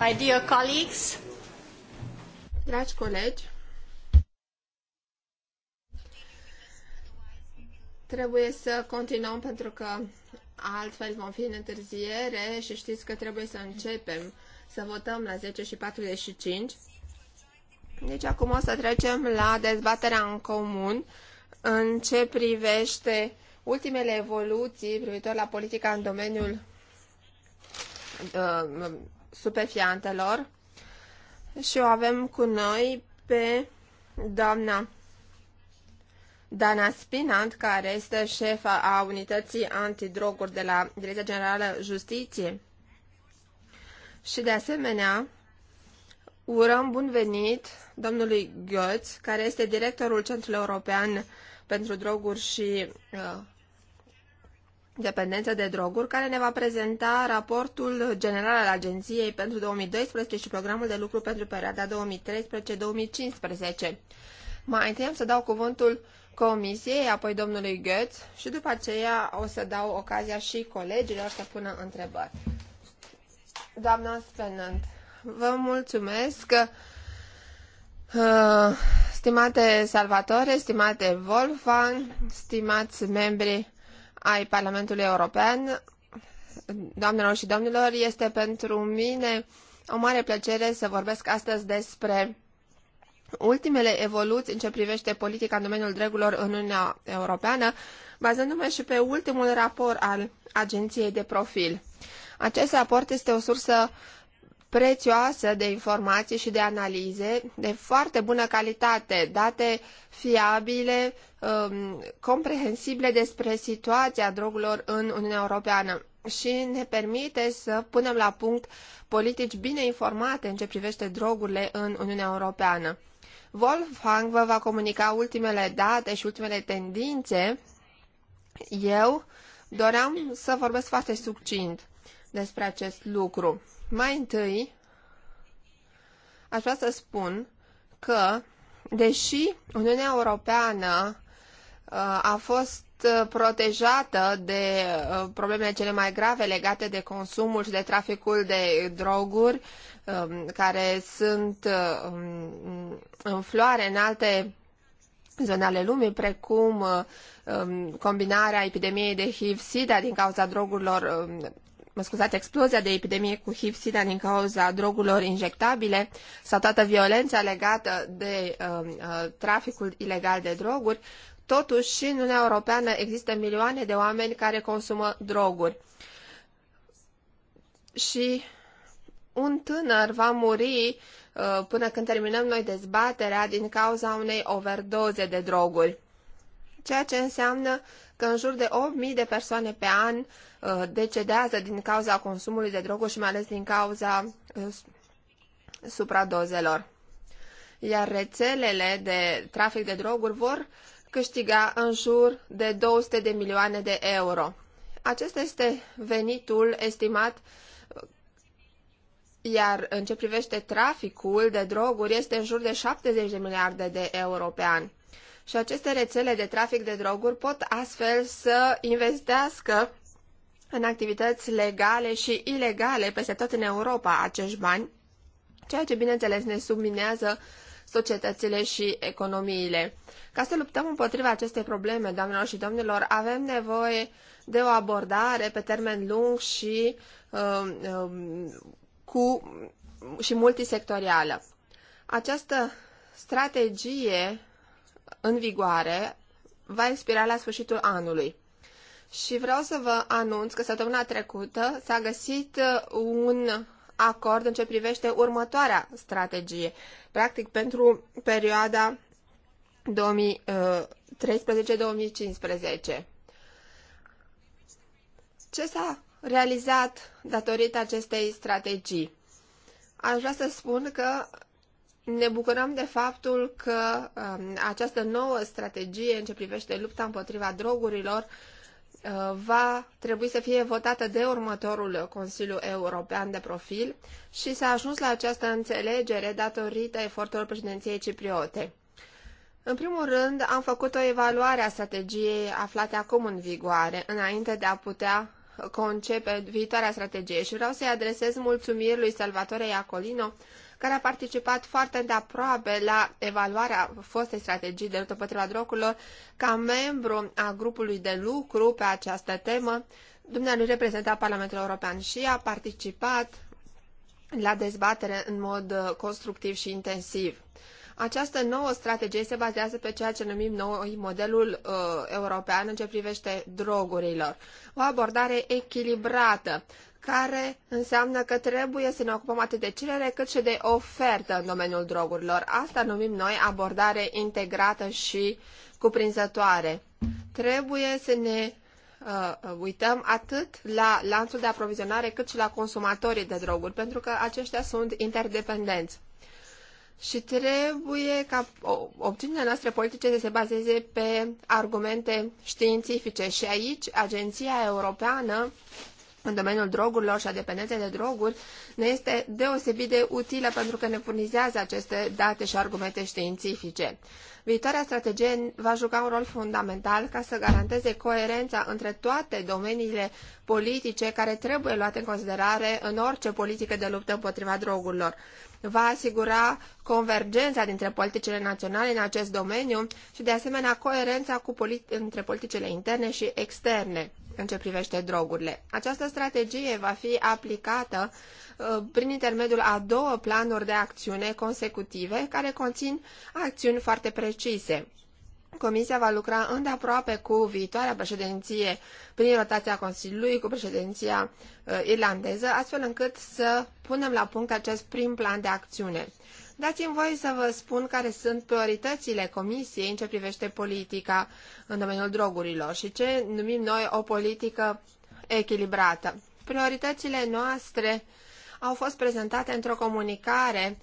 My dear colleagues, dragi colegi, trebuie să continuăm pentru că altfel vom fi în întârziere și știți că trebuie să începem să votăm la 10 și 45. Deci acum o să trecem la dezbaterea în comun în ce privește ultimele evoluții privitor la politica în domeniul uh, stupefiantelor și o avem cu noi pe doamna Dana Spinant, care este șefa a unității antidroguri de la Direcția Generală Justiție. Și de asemenea, urăm bun venit domnului Götz, care este directorul Centrului European pentru Droguri și uh, dependență de droguri, care ne va prezenta raportul general al Agenției pentru 2012 și programul de lucru pentru perioada 2013-2015. Mai întâi am să dau cuvântul comisiei, apoi domnului Goetz și după aceea o să dau ocazia și colegilor să pună întrebări. Doamna Spenant, vă mulțumesc. Uh, stimate Salvatore, stimate Wolfgang, stimați membri ai Parlamentului European. Doamnelor și domnilor, este pentru mine o mare plăcere să vorbesc astăzi despre ultimele evoluții în ce privește politica în domeniul drepturilor în Uniunea Europeană, bazându-mă și pe ultimul raport al Agenției de Profil. Acest raport este o sursă prețioasă de informații și de analize de foarte bună calitate, date fiabile, um, comprehensibile despre situația drogurilor în Uniunea Europeană și ne permite să punem la punct politici bine informate în ce privește drogurile în Uniunea Europeană. Wolfgang vă va comunica ultimele date și ultimele tendințe. Eu doream să vorbesc foarte succint despre acest lucru. Mai întâi, aș vrea să spun că, deși Uniunea Europeană uh, a fost uh, protejată de uh, problemele cele mai grave legate de consumul și de traficul de droguri, um, care sunt um, în floare în alte zone ale lumii, precum um, combinarea epidemiei de HIV-SIDA din cauza drogurilor mă scuzați, explozia de epidemie cu HIV-SIDA din cauza drogurilor injectabile sau toată violența legată de um, uh, traficul ilegal de droguri, totuși și în Uniunea Europeană există milioane de oameni care consumă droguri. Și un tânăr va muri uh, până când terminăm noi dezbaterea din cauza unei overdoze de droguri. Ceea ce înseamnă că în jur de 8.000 de persoane pe an Uh, decedează din cauza consumului de droguri și mai ales din cauza uh, supradozelor. Iar rețelele de trafic de droguri vor câștiga în jur de 200 de milioane de euro. Acesta este venitul estimat iar în ce privește traficul de droguri este în jur de 70 de miliarde de euro pe an. Și aceste rețele de trafic de droguri pot astfel să investească în activități legale și ilegale peste tot în Europa acești bani, ceea ce, bineînțeles, ne subminează societățile și economiile. Ca să luptăm împotriva acestei probleme, doamnelor și domnilor, avem nevoie de o abordare pe termen lung și, uh, uh, cu, și multisectorială. Această strategie în vigoare va expira la sfârșitul anului și vreau să vă anunț că săptămâna trecută s-a găsit uh, un acord în ce privește următoarea strategie, practic pentru perioada 2013-2015. Uh, ce s-a realizat datorită acestei strategii? Aș vrea să spun că ne bucurăm de faptul că um, această nouă strategie în ce privește lupta împotriva drogurilor uh, va trebui să fie votată de următorul Consiliu European de Profil și s-a ajuns la această înțelegere datorită eforturilor președinției cipriote. În primul rând, am făcut o evaluare a strategiei aflate acum în vigoare, înainte de a putea concepe viitoarea strategie și vreau să-i adresez mulțumiri lui Salvatore Iacolino care a participat foarte îndeaproape la evaluarea fostei strategii de luptă împotriva drogurilor ca membru a grupului de lucru pe această temă. Dumnealui reprezenta Parlamentul European și a participat la dezbatere în mod uh, constructiv și intensiv. Această nouă strategie se bazează pe ceea ce numim noi modelul uh, european în ce privește drogurilor. O abordare echilibrată care înseamnă că trebuie să ne ocupăm atât de cerere cât și de ofertă în domeniul drogurilor. Asta numim noi abordare integrată și cuprinzătoare. Trebuie să ne uh, uităm atât la lanțul de aprovizionare cât și la consumatorii de droguri, pentru că aceștia sunt interdependenți. Și trebuie ca opțiunile noastre politice să se bazeze pe argumente științifice. Și aici Agenția Europeană în domeniul drogurilor și a dependenței de droguri ne este deosebit de utilă pentru că ne furnizează aceste date și argumente științifice. Viitoarea strategie va juca un rol fundamental ca să garanteze coerența între toate domeniile politice care trebuie luate în considerare în orice politică de luptă împotriva drogurilor. Va asigura convergența dintre politicile naționale în acest domeniu și, de asemenea, coerența cu politi- între politicile interne și externe în ce privește drogurile. Această strategie va fi aplicată uh, prin intermediul a două planuri de acțiune consecutive care conțin acțiuni foarte precise. Comisia va lucra îndeaproape cu viitoarea președinție prin rotația Consiliului, cu președinția uh, irlandeză, astfel încât să punem la punct acest prim plan de acțiune. Dați-mi voie să vă spun care sunt prioritățile Comisiei în ce privește politica în domeniul drogurilor și ce numim noi o politică echilibrată. Prioritățile noastre au fost prezentate într-o comunicare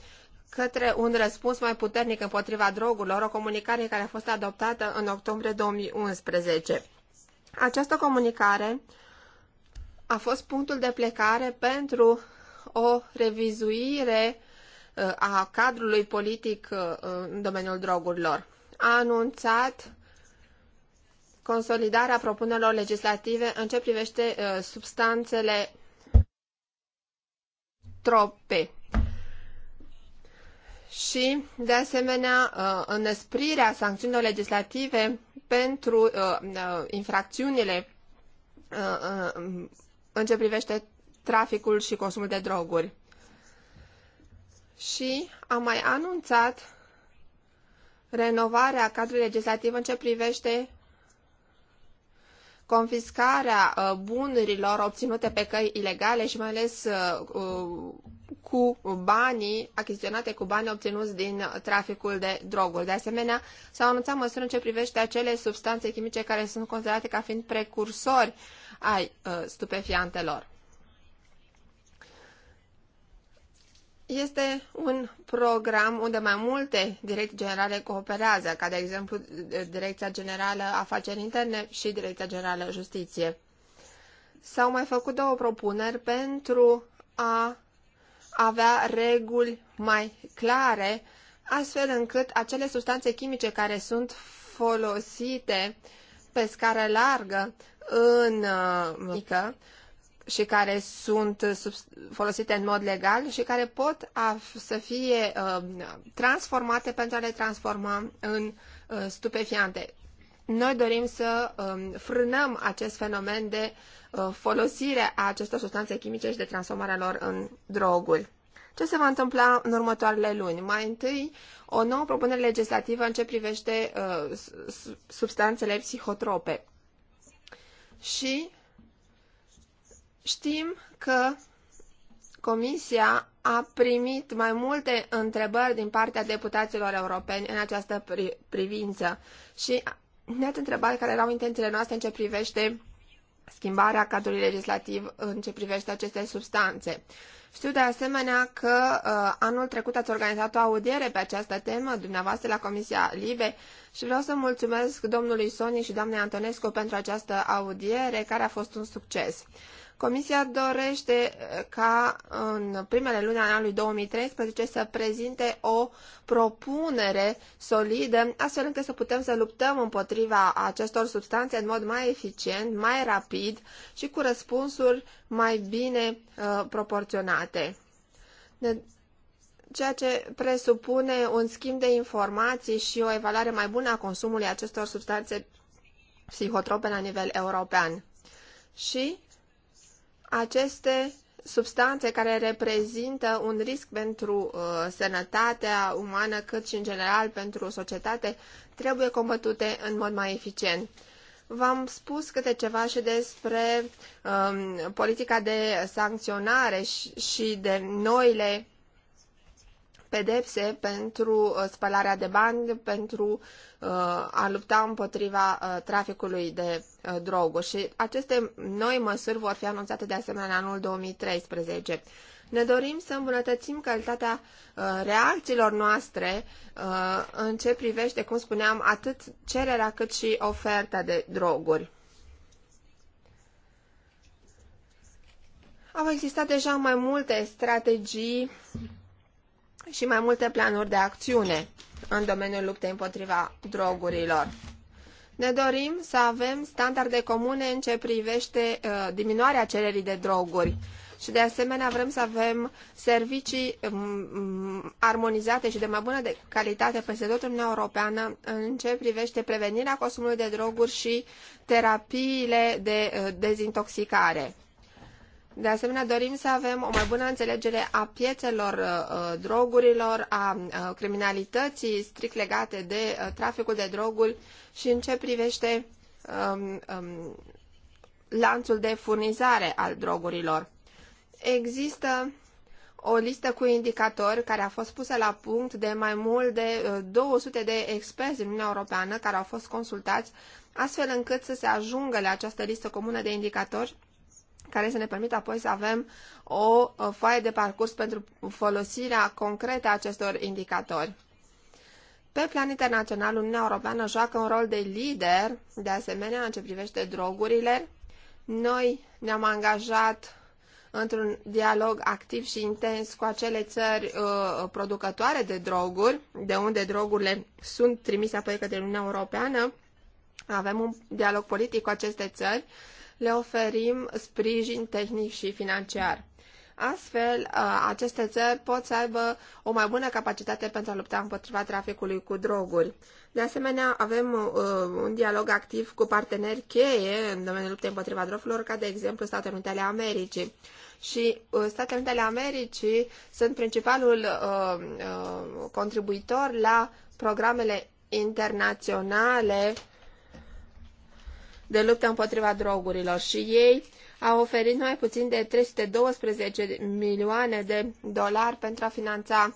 către un răspuns mai puternic împotriva drogurilor, o comunicare care a fost adoptată în octombrie 2011. Această comunicare a fost punctul de plecare pentru o revizuire a cadrului politic uh, în domeniul drogurilor. A anunțat consolidarea propunerilor legislative în ce privește uh, substanțele trope și, de asemenea, uh, înăsprirea sancțiunilor legislative pentru infracțiunile în ce privește traficul și consumul de droguri și am mai anunțat renovarea cadrului legislativ în ce privește confiscarea uh, bunurilor obținute pe căi ilegale și mai ales uh, uh, cu banii achiziționate cu banii obținuți din traficul de droguri. De asemenea, s-au anunțat măsuri în ce privește acele substanțe chimice care sunt considerate ca fiind precursori ai stupefiantelor. Este un program unde mai multe direcții generale cooperează, ca de exemplu Direcția Generală Afaceri Interne și Direcția Generală Justiție. S-au mai făcut două propuneri pentru a avea reguli mai clare, astfel încât acele substanțe chimice care sunt folosite pe scară largă în uh, mică, și care sunt sub, folosite în mod legal și care pot a, să fie uh, transformate pentru a le transforma în uh, stupefiante. Noi dorim să um, frânăm acest fenomen de uh, folosire a acestor substanțe chimice și de transformarea lor în droguri. Ce se va întâmpla în următoarele luni? Mai întâi, o nouă propunere legislativă în ce privește uh, substanțele psihotrope. Și Știm că Comisia a primit mai multe întrebări din partea deputaților europeni în această pri- privință și ne-ați întrebat care erau intențiile noastre în ce privește schimbarea cadrului legislativ în ce privește aceste substanțe. Știu de asemenea că uh, anul trecut ați organizat o audiere pe această temă, dumneavoastră la Comisia Libe, și vreau să mulțumesc domnului Soni și doamnei Antonescu pentru această audiere, care a fost un succes. Comisia dorește eh, ca în primele luni ale anului 2013 să prezinte o propunere solidă, astfel încât să putem să luptăm împotriva acestor substanțe în mod mai eficient, mai rapid și cu răspunsuri mai bine uh, proporționate. De- ceea ce presupune un schimb de informații și o evaluare mai bună a consumului acestor substanțe psihotrope la nivel european. Și aceste substanțe care reprezintă un risc pentru uh, sănătatea umană, cât și în general pentru societate, trebuie combătute în mod mai eficient. V-am spus câte ceva și despre um, politica de sancționare și, și de noile pedepse pentru uh, spălarea de bani, pentru uh, a lupta împotriva uh, traficului de droguri. Și aceste noi măsuri vor fi anunțate de asemenea în anul 2013. Ne dorim să îmbunătățim calitatea reacțiilor noastre în ce privește, cum spuneam, atât cererea cât și oferta de droguri. Au existat deja mai multe strategii și mai multe planuri de acțiune în domeniul luptei împotriva drogurilor. Ne dorim să avem standarde comune în ce privește uh, diminuarea cererii de droguri și de asemenea vrem să avem servicii um, um armonizate și de mai bună de calitate peste tot în Uniunea Europeană în ce privește prevenirea consumului de droguri și terapiile de uh, dezintoxicare. De asemenea, dorim să avem o mai bună înțelegere a piețelor uh, uh, drogurilor, a uh, criminalității strict legate de uh, traficul de droguri și în ce privește um, um, lanțul de furnizare al drogurilor. Există o listă cu indicatori care a fost pusă la punct de mai mult de 200 uh, de experți din Uniunea Europeană care au fost consultați, astfel încât să se ajungă la această listă comună de indicatori care să ne permită apoi să avem o foaie de parcurs pentru folosirea concretă a acestor indicatori. Pe plan internațional, Uniunea Europeană joacă un rol de lider, de asemenea, în ce privește drogurile. Noi ne-am angajat într-un dialog activ și intens cu acele țări uh, producătoare de droguri, de unde drogurile sunt trimise apoi către Uniunea Europeană. Avem un dialog politic cu aceste țări le oferim sprijin tehnic și financiar. Astfel, aceste țări pot să aibă o mai bună capacitate pentru a lupta împotriva traficului cu droguri. De asemenea, avem uh, un dialog activ cu parteneri cheie în domeniul luptei împotriva drogurilor, ca de exemplu Statele Unite ale Americii. Și uh, Statele Unite ale Americii sunt principalul uh, uh, contribuitor la programele internaționale uh, de luptă împotriva drogurilor și ei au oferit mai puțin de 312 milioane de dolari pentru a finanța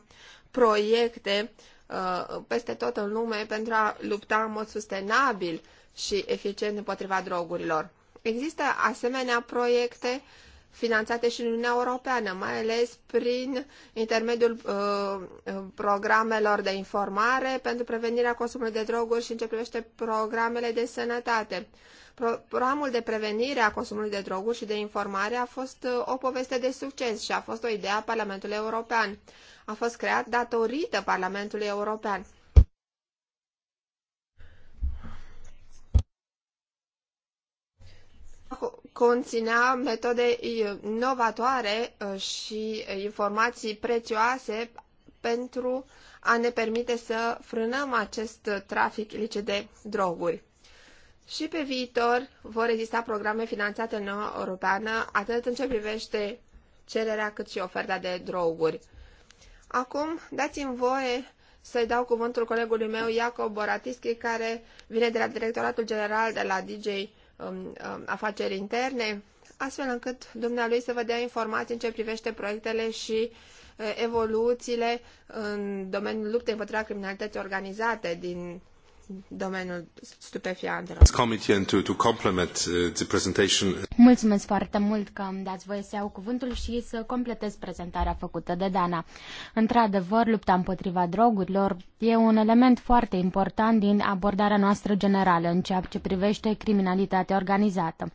proiecte uh, peste tot în lume pentru a lupta în mod sustenabil și eficient împotriva drogurilor. Există asemenea proiecte finanțate și în Uniunea Europeană, mai ales prin intermediul uh, programelor de informare pentru prevenirea consumului de droguri și în ce privește programele de sănătate. Programul de prevenire a consumului de droguri și de informare a fost uh, o poveste de succes și a fost o idee a Parlamentului European. A fost creat datorită Parlamentului European. Conținea metode uh, inovatoare uh, și informații prețioase pentru a ne permite să frânăm acest trafic ilicit de droguri. Și pe viitor vor exista programe finanțate în Uniunea Europeană, atât în ce privește cererea cât și oferta de droguri. Acum, dați-mi voie să-i dau cuvântul colegului meu, Iacob Boratischi, care vine de la Directoratul General de la DJ um, um, Afaceri Interne, astfel încât dumnealui să vă dea informații în ce privește proiectele și uh, evoluțiile în domeniul luptei împotriva criminalității organizate din domeniul stupefiantelor. Uh, Mulțumesc foarte mult că îmi dați voie să iau cuvântul și să completez prezentarea făcută de Dana. Într-adevăr, lupta împotriva drogurilor e un element foarte important din abordarea noastră generală în ceea ce privește criminalitatea organizată.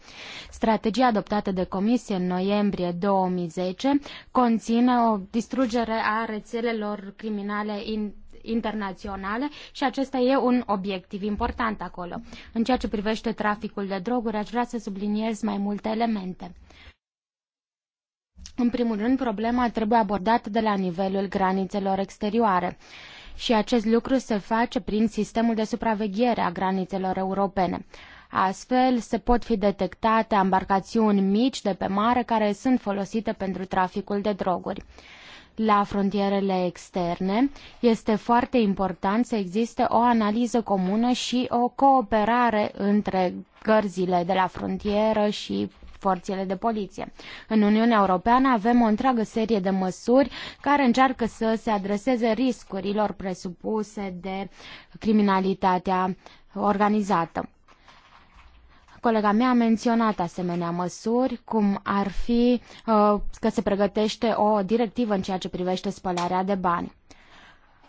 Strategia adoptată de Comisie în noiembrie 2010 conține o distrugere a rețelelor criminale in internaționale și acesta e un obiectiv important acolo. În ceea ce privește traficul de droguri, aș vrea să subliniez mai multe elemente. În primul rând, problema trebuie abordată de la nivelul granițelor exterioare și acest lucru se face prin sistemul de supraveghere a granițelor europene. Astfel, se pot fi detectate embarcațiuni mici de pe mare care sunt folosite pentru traficul de droguri la frontierele externe. Este foarte important să existe o analiză comună și o cooperare între gărzile de la frontieră și forțele de poliție. În Uniunea Europeană avem o întreagă serie de măsuri care încearcă să se adreseze riscurilor presupuse de criminalitatea organizată. Colega mea a menționat asemenea măsuri, cum ar fi uh, că se pregătește o directivă în ceea ce privește spălarea de bani.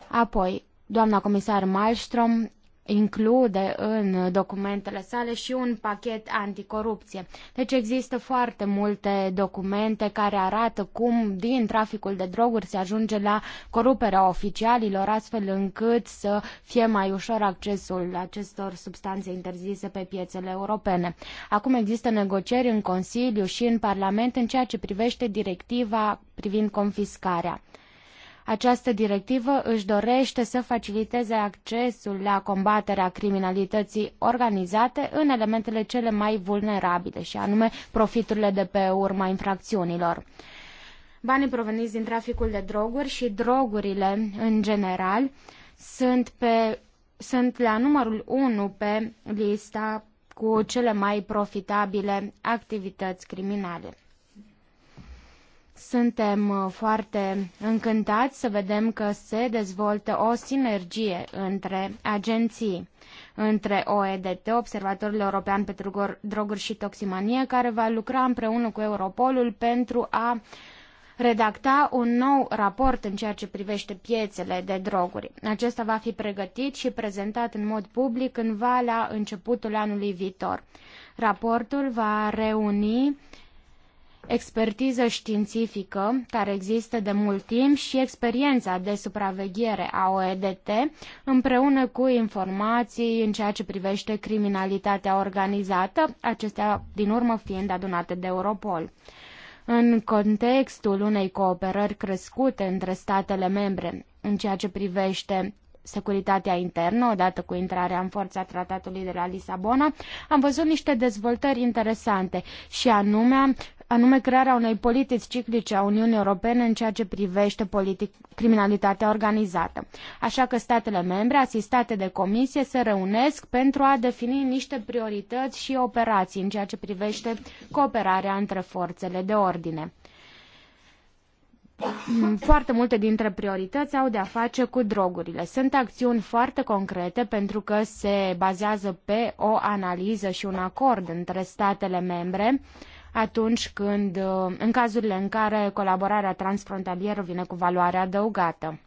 Apoi, doamna comisar Malmström include în documentele sale și un pachet anticorupție. Deci există foarte multe documente care arată cum din traficul de droguri se ajunge la coruperea oficialilor, astfel încât să fie mai ușor accesul acestor substanțe interzise pe piețele europene. Acum există negocieri în Consiliu și în Parlament în ceea ce privește directiva privind confiscarea. Această directivă își dorește să faciliteze accesul la combaterea criminalității organizate în elementele cele mai vulnerabile, și anume profiturile de pe urma infracțiunilor. Banii proveniți din traficul de droguri și drogurile în general sunt, pe, sunt la numărul 1 pe lista cu cele mai profitabile activități criminale. Suntem uh, foarte încântați să vedem că se dezvoltă o sinergie între agenții, între OEDT, Observatorul European pentru Droguri și Toximanie, care va lucra împreună cu Europolul pentru a redacta un nou raport în ceea ce privește piețele de droguri. Acesta va fi pregătit și prezentat în mod public în la începutul anului viitor. Raportul va reuni expertiză științifică care există de mult timp și experiența de supraveghere a OEDT împreună cu informații în ceea ce privește criminalitatea organizată, acestea din urmă fiind adunate de Europol. În contextul unei cooperări crescute între statele membre în ceea ce privește securitatea internă, odată cu intrarea în forța tratatului de la Lisabona, am văzut niște dezvoltări interesante și anume anume crearea unei politici ciclice a Uniunii Europene în ceea ce privește politic, criminalitatea organizată. Așa că statele membre, asistate de comisie, se reunesc pentru a defini niște priorități și operații în ceea ce privește cooperarea între forțele de ordine. Mm, foarte multe dintre priorități au de-a face cu drogurile. Sunt acțiuni foarte concrete pentru că se bazează pe o analiză și un acord între statele membre uh, atunci când, uh, în cazurile în care colaborarea transfrontalieră vine cu valoare adăugată.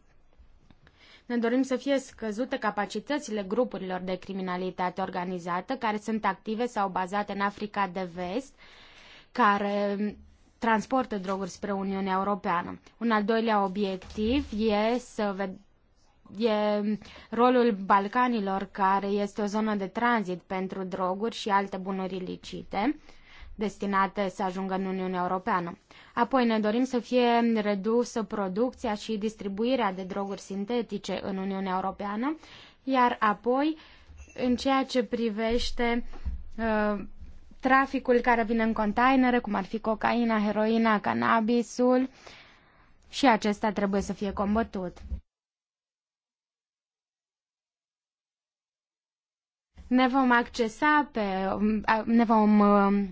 Ne dorim să fie scăzute capacitățile grupurilor de criminalitate organizată care sunt active sau bazate în Africa de Vest, care transportă droguri spre Uniunea Europeană. Un al doilea obiectiv e să vedem e rolul Balcanilor, care este o zonă de tranzit pentru droguri și alte bunuri ilicite destinate să ajungă în Uniunea Europeană. Apoi ne dorim să fie redusă producția și distribuirea de droguri sintetice în Uniunea Europeană, iar apoi, în ceea ce privește uh, traficul care vine în containere, cum ar fi cocaina, heroina, cannabisul, și acesta trebuie să fie combătut. Ne vom accesa pe, uh, ne vom uh,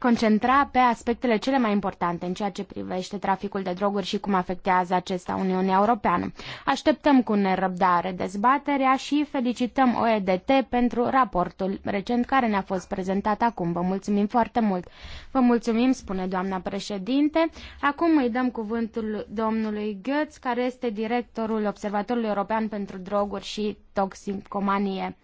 concentra pe aspectele cele mai importante în ceea ce privește traficul de droguri și cum afectează acesta Uniunea Europeană. Așteptăm cu nerăbdare dezbaterea și felicităm OEDT pentru raportul recent care ne-a fost prezentat acum. Vă mulțumim foarte mult. Vă mulțumim, spune doamna președinte. Acum îi dăm cuvântul domnului Götz, care este directorul Observatorului European pentru Droguri și Toxicomanie.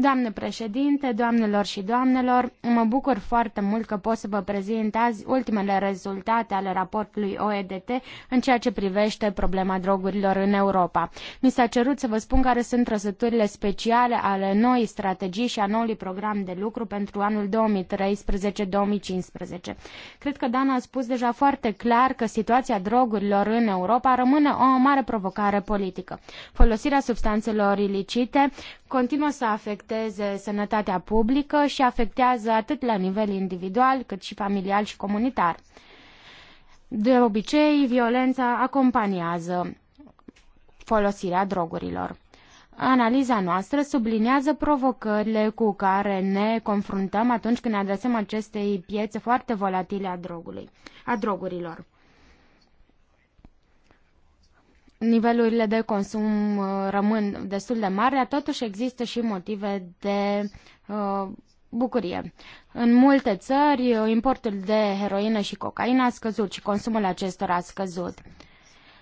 Doamne președinte, doamnelor și doamnelor, mă bucur foarte mult că pot să vă prezint azi ultimele rezultate ale raportului OEDT în ceea ce privește problema drogurilor în Europa. Mi s-a cerut să vă spun care sunt trăsăturile speciale ale noii strategii și a noului program de lucru pentru anul 2013-2015. Cred că Dana a spus deja foarte clar că situația drogurilor în Europa rămâne o mare provocare politică. Folosirea substanțelor ilicite continuă să afecteze afecteze sănătatea publică și afectează atât la nivel individual cât și familial și comunitar. De obicei, violența acompaniază folosirea drogurilor. Analiza noastră subliniază provocările cu care ne confruntăm atunci când ne adresăm acestei piețe foarte volatile a, drogului, a drogurilor nivelurile de consum uh, rămân destul de mari, totuși există și motive de uh, bucurie. În multe țări, uh, importul de heroină și cocaină a scăzut și consumul acestora a scăzut.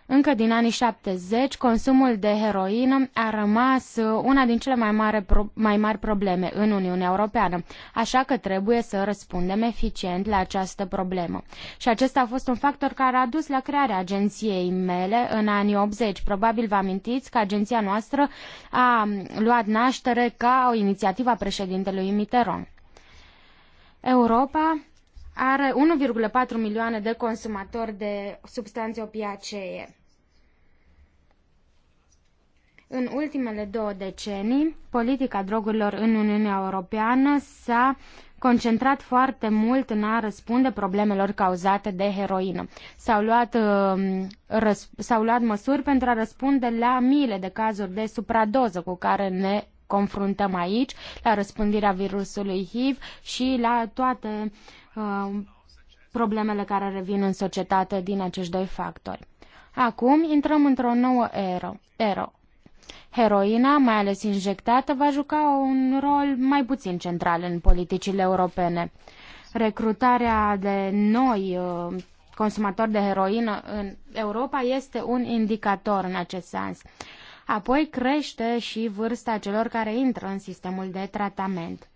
Încă din anii 70, consumul de heroină a rămas uh, una din cele mai mari, mai mari probleme în Uniunea Europeană, așa că trebuie să răspundem eficient la această problemă. Și acesta a fost un factor care a dus la crearea agenției mele în anii 80. Probabil vă amintiți că agenția noastră a luat naștere ca o inițiativă a președintelui Mitterrand. Europa are 1,4 milioane de consumatori de substanțe opiacee. În ultimele două decenii, politica drogurilor în Uniunea Europeană s-a concentrat foarte mult în a răspunde problemelor cauzate de heroină. S-au luat, um, s-au luat măsuri pentru a răspunde la miile de cazuri de supradoză cu care ne confruntăm aici, la răspândirea virusului HIV și la toate uh, problemele care revin în societate din acești doi factori. Acum intrăm într-o nouă eră. ero Heroina, mai ales injectată, va juca un rol mai puțin central în politicile europene. Recrutarea de noi uh, consumatori de heroină în Europa este un indicator în acest sens. Apoi crește și vârsta celor care intră în sistemul de tratament.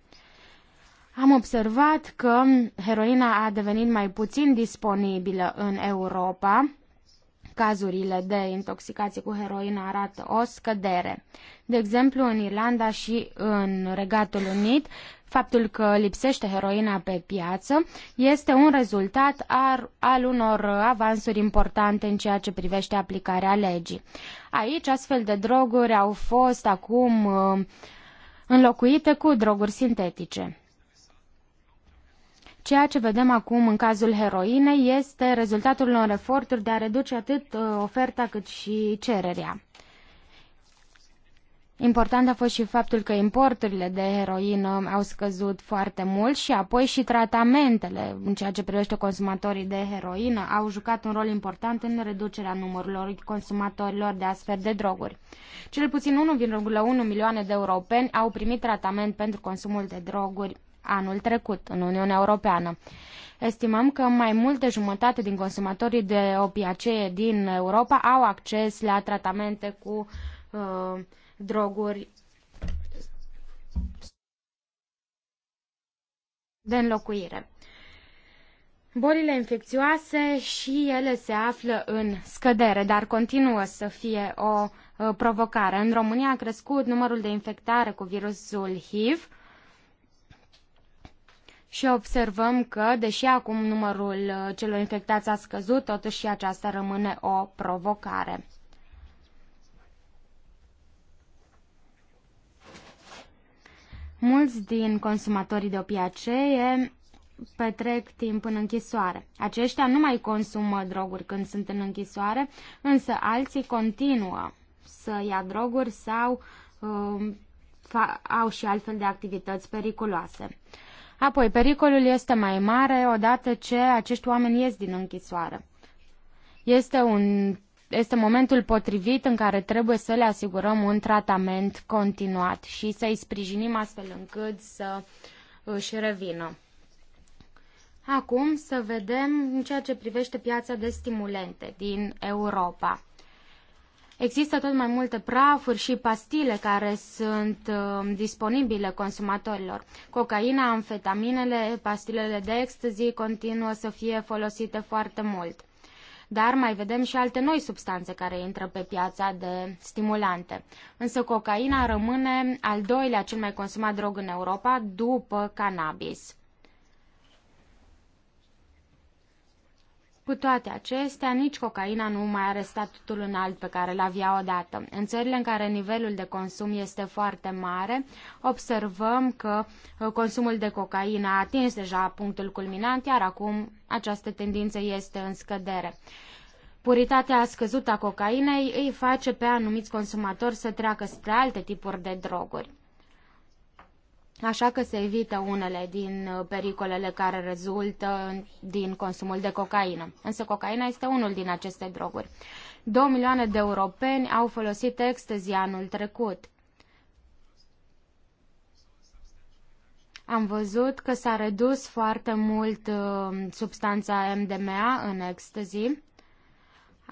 Am observat că heroina a devenit mai puțin disponibilă în Europa. Cazurile de intoxicație cu heroină arată o scădere. De exemplu, în Irlanda și în Regatul Unit, Faptul că lipsește heroina pe piață este un rezultat ar, al unor avansuri importante în ceea ce privește aplicarea legii. Aici astfel de droguri au fost acum uh, înlocuite cu droguri sintetice. Ceea ce vedem acum în cazul heroinei este rezultatul unor eforturi de a reduce atât uh, oferta cât și cererea. Important a fost și faptul că importurile de heroină au scăzut foarte mult și apoi și tratamentele în ceea ce privește consumatorii de heroină au jucat un rol important în reducerea numărului consumatorilor de astfel de droguri. Cel puțin 1,1 milioane de europeni au primit tratament pentru consumul de droguri anul trecut în Uniunea Europeană. Estimăm că mai mult de jumătate din consumatorii de opiacee din Europa au acces la tratamente cu uh, droguri de înlocuire. Bolile infecțioase și ele se află în scădere, dar continuă să fie o uh, provocare. În România a crescut numărul de infectare cu virusul HIV și observăm că, deși acum numărul uh, celor infectați a scăzut, totuși aceasta rămâne o provocare. Mulți din consumatorii de opiacee petrec timp în închisoare. Aceștia nu mai consumă droguri când sunt în închisoare, însă alții continuă să ia droguri sau uh, au și altfel de activități periculoase. Apoi, pericolul este mai mare odată ce acești oameni ies din închisoare. Este un este momentul potrivit în care trebuie să le asigurăm un tratament continuat și să îi sprijinim astfel încât să își revină. Acum să vedem în ceea ce privește piața de stimulente din Europa. Există tot mai multe prafuri și pastile care sunt uh, disponibile consumatorilor. Cocaina, amfetaminele, pastilele de ecstasy continuă să fie folosite foarte mult dar mai vedem și alte noi substanțe care intră pe piața de stimulante. Însă cocaina rămâne al doilea cel mai consumat drog în Europa după cannabis. Cu toate acestea, nici cocaina nu mai are statutul înalt pe care l avea odată. În țările în care nivelul de consum este foarte mare, observăm că uh, consumul de cocaină a atins deja punctul culminant, iar acum această tendință este în scădere. Puritatea scăzută a cocainei îi face pe anumiți consumatori să treacă spre alte tipuri de droguri așa că se evită unele din uh, pericolele care rezultă din consumul de cocaină. Însă cocaina este unul din aceste droguri. 2 milioane de europeni au folosit ecstasy anul trecut. Am văzut că s-a redus foarte mult uh, substanța MDMA în ecstasy.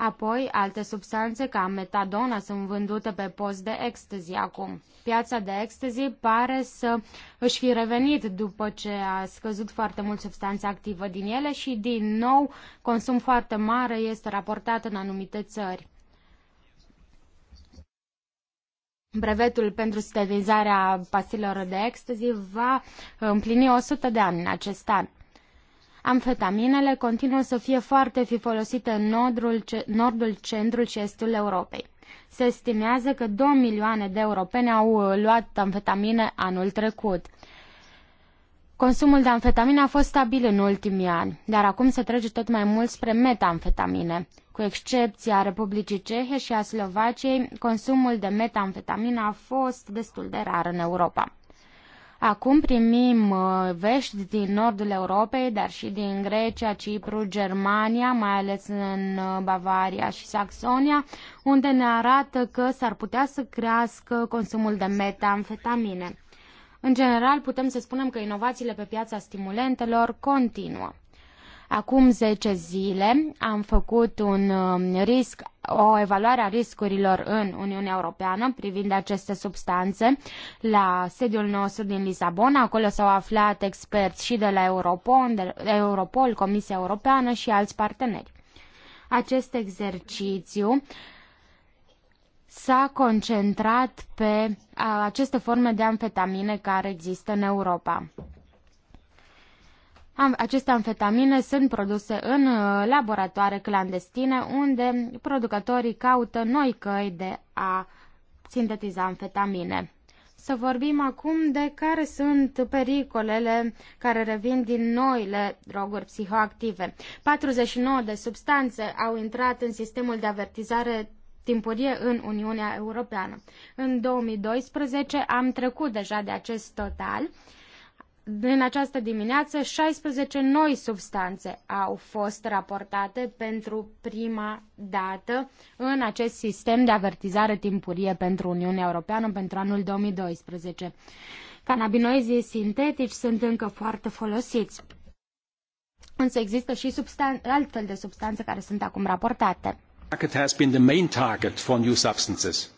Apoi, alte substanțe ca metadona sunt vândute pe post de ecstasy acum. Piața de ecstasy pare să își fi revenit după ce a scăzut foarte mult substanța activă din ele și, din nou, consum foarte mare este raportat în anumite țări. Brevetul pentru sterilizarea pastilor de ecstasy va împlini 100 de ani în acest an. Amfetaminele continuă să fie foarte fi folosite în nordul, nordul, centrul și estul Europei. Se estimează că 2 milioane de europeni au uh, luat amfetamine anul trecut. Consumul de amfetamine a fost stabil în ultimii ani, dar acum se trece tot mai mult spre metamfetamine. Cu excepția Republicii Cehe și a Slovaciei, consumul de metamfetamine a fost destul de rar în Europa. Acum primim uh, vești din nordul Europei, dar și din Grecia, Cipru, Germania, mai ales în uh, Bavaria și Saxonia, unde ne arată că s-ar putea să crească consumul de metamfetamine. În general, putem să spunem că inovațiile pe piața stimulentelor continuă. Acum 10 zile am făcut un um, risc, o evaluare a riscurilor în Uniunea Europeană privind aceste substanțe la sediul nostru din Lisabona. Acolo s-au aflat experți și de la Europol, de la Europol Comisia Europeană și alți parteneri. Acest exercițiu s-a concentrat pe aceste forme de amfetamine care există în Europa. Aceste amfetamine sunt produse în uh, laboratoare clandestine unde producătorii caută noi căi de a sintetiza amfetamine. Să vorbim acum de care sunt pericolele care revin din noile droguri psihoactive. 49 de substanțe au intrat în sistemul de avertizare timpurie în Uniunea Europeană. În 2012 am trecut deja de acest total în această dimineață 16 noi substanțe au fost raportate pentru prima dată în acest sistem de avertizare timpurie pentru Uniunea Europeană pentru anul 2012. Cannabinoizii sintetici sunt încă foarte folosiți. Însă există și substan- altfel de substanțe care sunt acum raportate. Market has been the main target for new substances.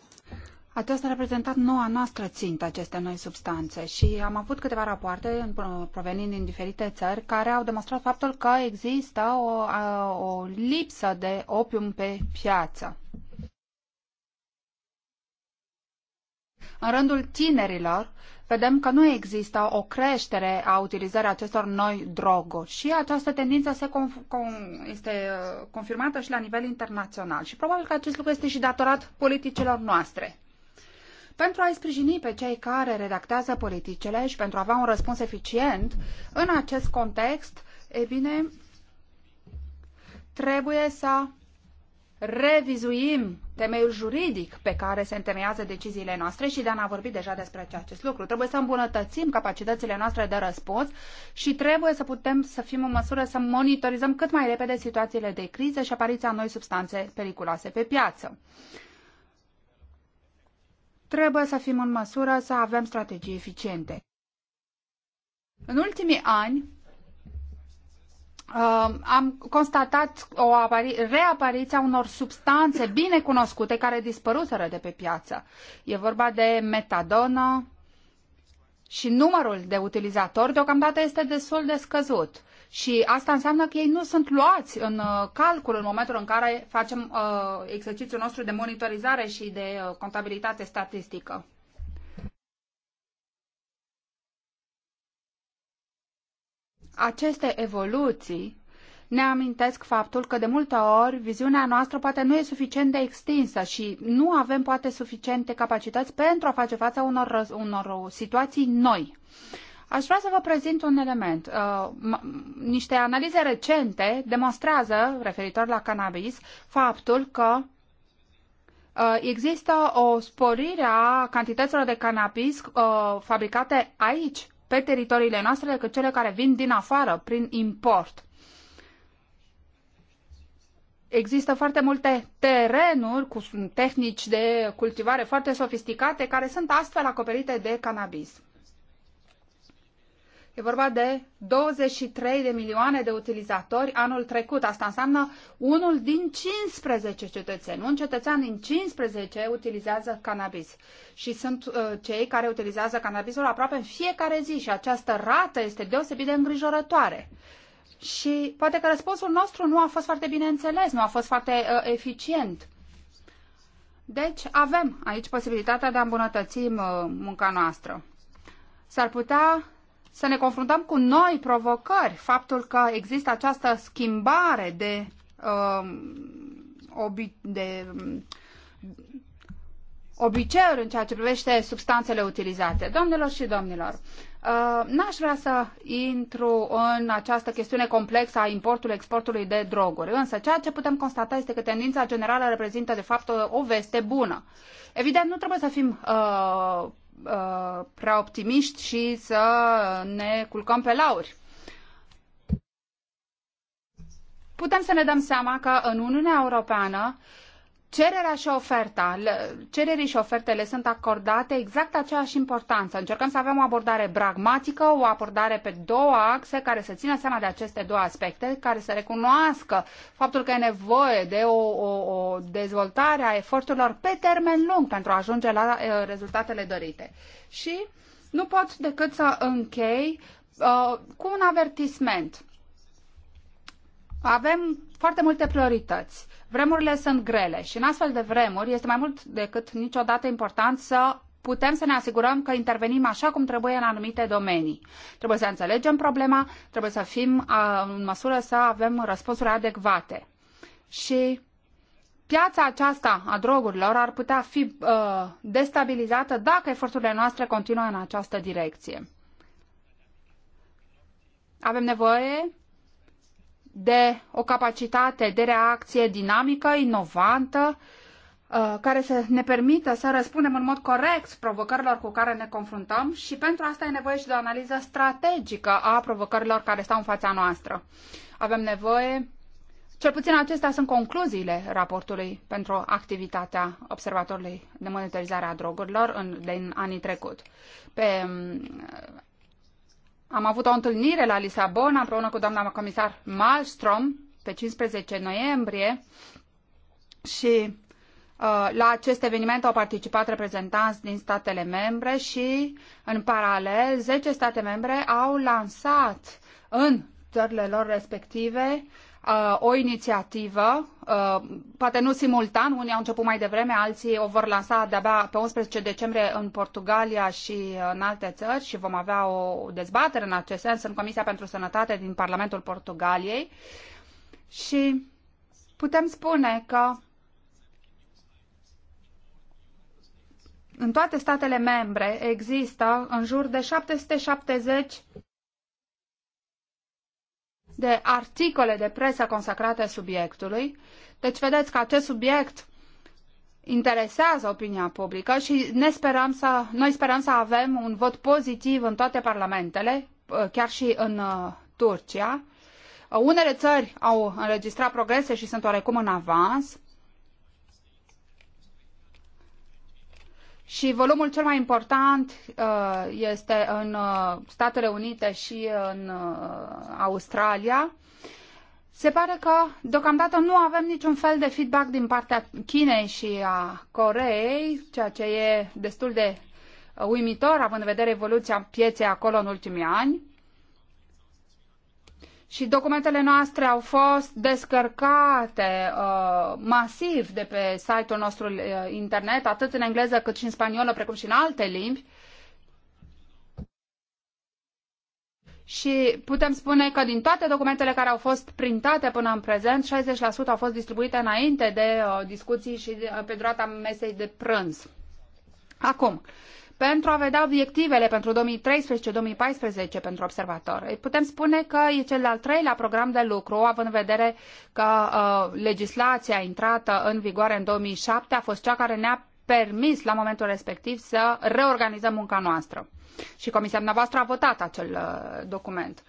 Aceasta a reprezentat noua noastră țintă, aceste noi substanțe și am avut câteva rapoarte provenind din diferite țări care au demonstrat faptul că există o, o lipsă de opium pe piață. În rândul tinerilor, vedem că nu există o creștere a utilizării acestor noi droguri și această tendință se conf- con- este uh, confirmată și la nivel internațional. Și probabil că acest lucru este și datorat politicilor noastre pentru a-i sprijini pe cei care redactează politicele și pentru a avea un răspuns eficient în acest context, e bine, trebuie să revizuim temeiul juridic pe care se întemeiază deciziile noastre și Dan a vorbit deja despre acest lucru. Trebuie să îmbunătățim capacitățile noastre de răspuns și trebuie să putem să fim în măsură să monitorizăm cât mai repede situațiile de criză și apariția noi substanțe periculoase pe piață trebuie să fim în măsură să avem strategii eficiente. În ultimii ani, uh, am constatat o reapariție a unor substanțe bine cunoscute care dispăruseră de pe piață. E vorba de metadonă și numărul de utilizatori deocamdată este destul de scăzut. Și asta înseamnă că ei nu sunt luați în uh, calcul în momentul în care facem uh, exercițiul nostru de monitorizare și de uh, contabilitate statistică. Aceste evoluții ne amintesc faptul că de multe ori viziunea noastră poate nu e suficient de extinsă și nu avem poate suficiente capacități pentru a face față unor, unor situații noi. Uh, Aș vrea să vă prezint un element. Uh, niște analize recente demonstrează, referitor la cannabis, faptul că uh, există o sporire a cantităților de cannabis uh, fabricate aici, pe teritoriile noastre, decât cele care vin din afară, prin import există foarte multe terenuri cu tehnici de cultivare foarte sofisticate care sunt astfel acoperite de cannabis. E vorba de 23 de milioane de utilizatori anul trecut. Asta înseamnă unul din 15 cetățeni. Un cetățean din 15 utilizează cannabis. Și sunt uh, cei care utilizează cannabisul aproape în fiecare zi și această rată este deosebit de îngrijorătoare. Și poate că răspunsul nostru nu a fost foarte bine înțeles, nu a fost foarte uh, eficient. Deci avem aici posibilitatea de a îmbunătăți uh, munca noastră. S-ar putea să ne confruntăm cu noi provocări. Faptul că există această schimbare de, uh, obi- de um, obiceiuri în ceea ce privește substanțele utilizate. Domnilor și domnilor, uh, n-aș vrea să intru în această chestiune complexă a importului, exportului de droguri, însă ceea ce putem constata este că tendința generală reprezintă de fapt o, o veste bună. Evident, nu trebuie să fim uh, Uh, prea optimiști și să ne culcăm pe lauri. Putem să ne dăm seama că în Uniunea Europeană cererea și oferta, cererii și ofertele sunt acordate exact aceeași importanță. Încercăm să avem o abordare pragmatică, o abordare pe două axe care să țină seama de aceste două aspecte, care să recunoască faptul că e nevoie de o, o, o dezvoltare a eforturilor pe termen lung pentru a ajunge la uh, rezultatele dorite. Și nu pot decât să închei uh, cu un avertisment avem foarte multe priorități. Vremurile sunt grele și în astfel de vremuri este mai mult decât niciodată important să putem să ne asigurăm că intervenim așa cum trebuie în anumite domenii. Trebuie să înțelegem problema, trebuie să fim în măsură să avem răspunsuri adecvate. Și piața aceasta a drogurilor ar putea fi destabilizată dacă eforturile noastre continuă în această direcție. Avem nevoie de o capacitate de reacție dinamică, inovantă, uh, care să ne permită să răspundem în mod corect provocărilor cu care ne confruntăm și pentru asta e nevoie și de o analiză strategică a provocărilor care stau în fața noastră. Avem nevoie, cel puțin acestea sunt concluziile raportului pentru activitatea Observatorului de Monitorizare a Drogurilor în, din anii trecut. Pe mm, am avut o întâlnire la Lisabona împreună cu doamna comisar Malmström pe 15 noiembrie și uh, la acest eveniment au participat reprezentanți din statele membre și, în paralel, 10 state membre au lansat în țările lor respective uh, uh, o inițiativă, uh, poate nu simultan, unii au început mai devreme, alții o vor lansa de-abia pe 11 decembrie în Portugalia și în alte țări și vom avea o dezbatere în acest sens în Comisia pentru Sănătate din Parlamentul Portugaliei. Și putem spune că în toate statele membre există în jur de 770 de articole de presă consacrate subiectului. Deci vedeți că acest subiect interesează opinia publică și ne sperăm să, noi sperăm să avem un vot pozitiv în toate parlamentele, uh, chiar și în uh, Turcia. Uh, unele țări au înregistrat progrese și sunt oarecum în avans. Și volumul cel mai important uh, este în uh, Statele Unite și în uh, Australia. Se pare că deocamdată nu avem niciun fel de feedback din partea Chinei și a Coreei, ceea ce e destul de uimitor având în vedere evoluția pieței acolo în ultimii ani și documentele noastre au fost descărcate uh, masiv de pe site-ul nostru uh, internet, atât în engleză cât și în spaniolă, precum și în alte limbi. Și putem spune că din toate documentele care au fost printate până în prezent, 60% au fost distribuite înainte de uh, discuții și de, uh, pe durata mesei de prânz. Acum, uh, pentru a vedea obiectivele pentru 2013-2014 pentru observator. Putem spune că e cel de-al treilea program de lucru, având în vedere că uh, legislația intrată uh, în vigoare în 2007 a fost cea care ne-a permis la momentul respectiv să reorganizăm munca noastră. Și comisia noastră a votat acel uh, document.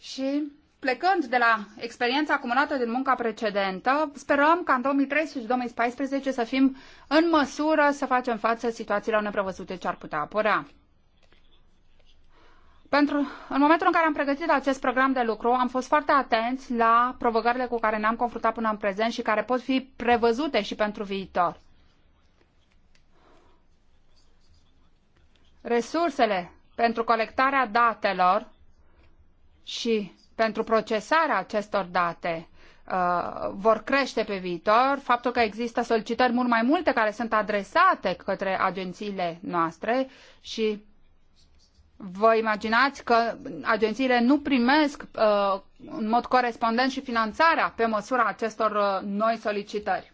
Și Plecând de la experiența acumulată din munca precedentă, sperăm ca în 2013-2014 să fim în măsură să facem față situațiilor neprevăzute ce ar putea apărea. Pentru, în momentul în care am pregătit acest program de lucru, am fost foarte atenți la provocările cu care ne-am confruntat până în prezent și care pot fi prevăzute și pentru viitor. Resursele pentru colectarea datelor și pentru procesarea acestor date uh, vor crește pe viitor, faptul că există solicitări mult mai multe care sunt adresate către agențiile noastre și vă imaginați că agențiile nu primesc uh, în mod corespondent și finanțarea pe măsura acestor uh, noi solicitări.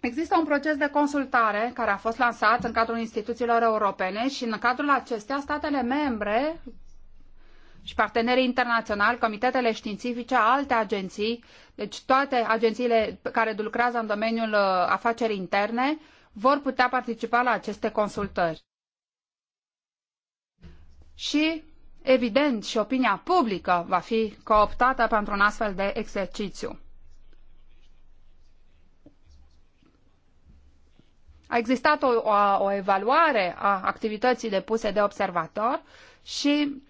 Există un proces de consultare care a fost lansat în cadrul instituțiilor europene și în cadrul acestea statele membre și partenerii internaționali, comitetele științifice, alte agenții, deci toate agențiile care lucrează în domeniul uh, afacerii interne, vor putea participa la aceste consultări. Și, evident, și opinia publică va fi cooptată pentru un astfel de exercițiu. A existat o, o, o evaluare a activității depuse de observator și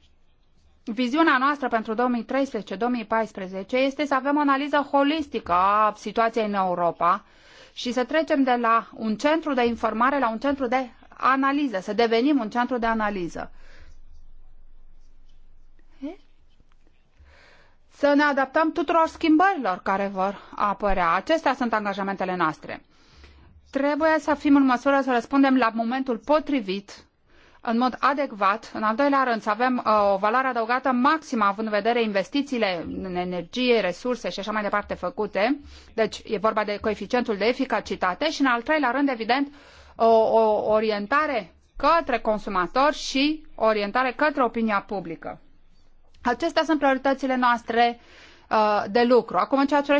Viziunea noastră pentru 2013-2014 este să avem o analiză holistică a situației în Europa și să trecem de la un centru de informare la un centru de analiză, să devenim un centru de analiză. Să ne adaptăm tuturor schimbărilor care vor apărea. Acestea sunt angajamentele noastre. Trebuie să fim în măsură să răspundem la momentul potrivit în mod adecvat. În al doilea rând, să avem uh, o valoare adăugată maximă, având în vedere investițiile în energie, resurse și așa mai departe făcute. Deci e vorba de coeficientul de eficacitate și, în al treilea rând, evident, o, o orientare către consumator și orientare către opinia publică. Acestea sunt prioritățile noastre uh, de lucru. Acum, în ceea ce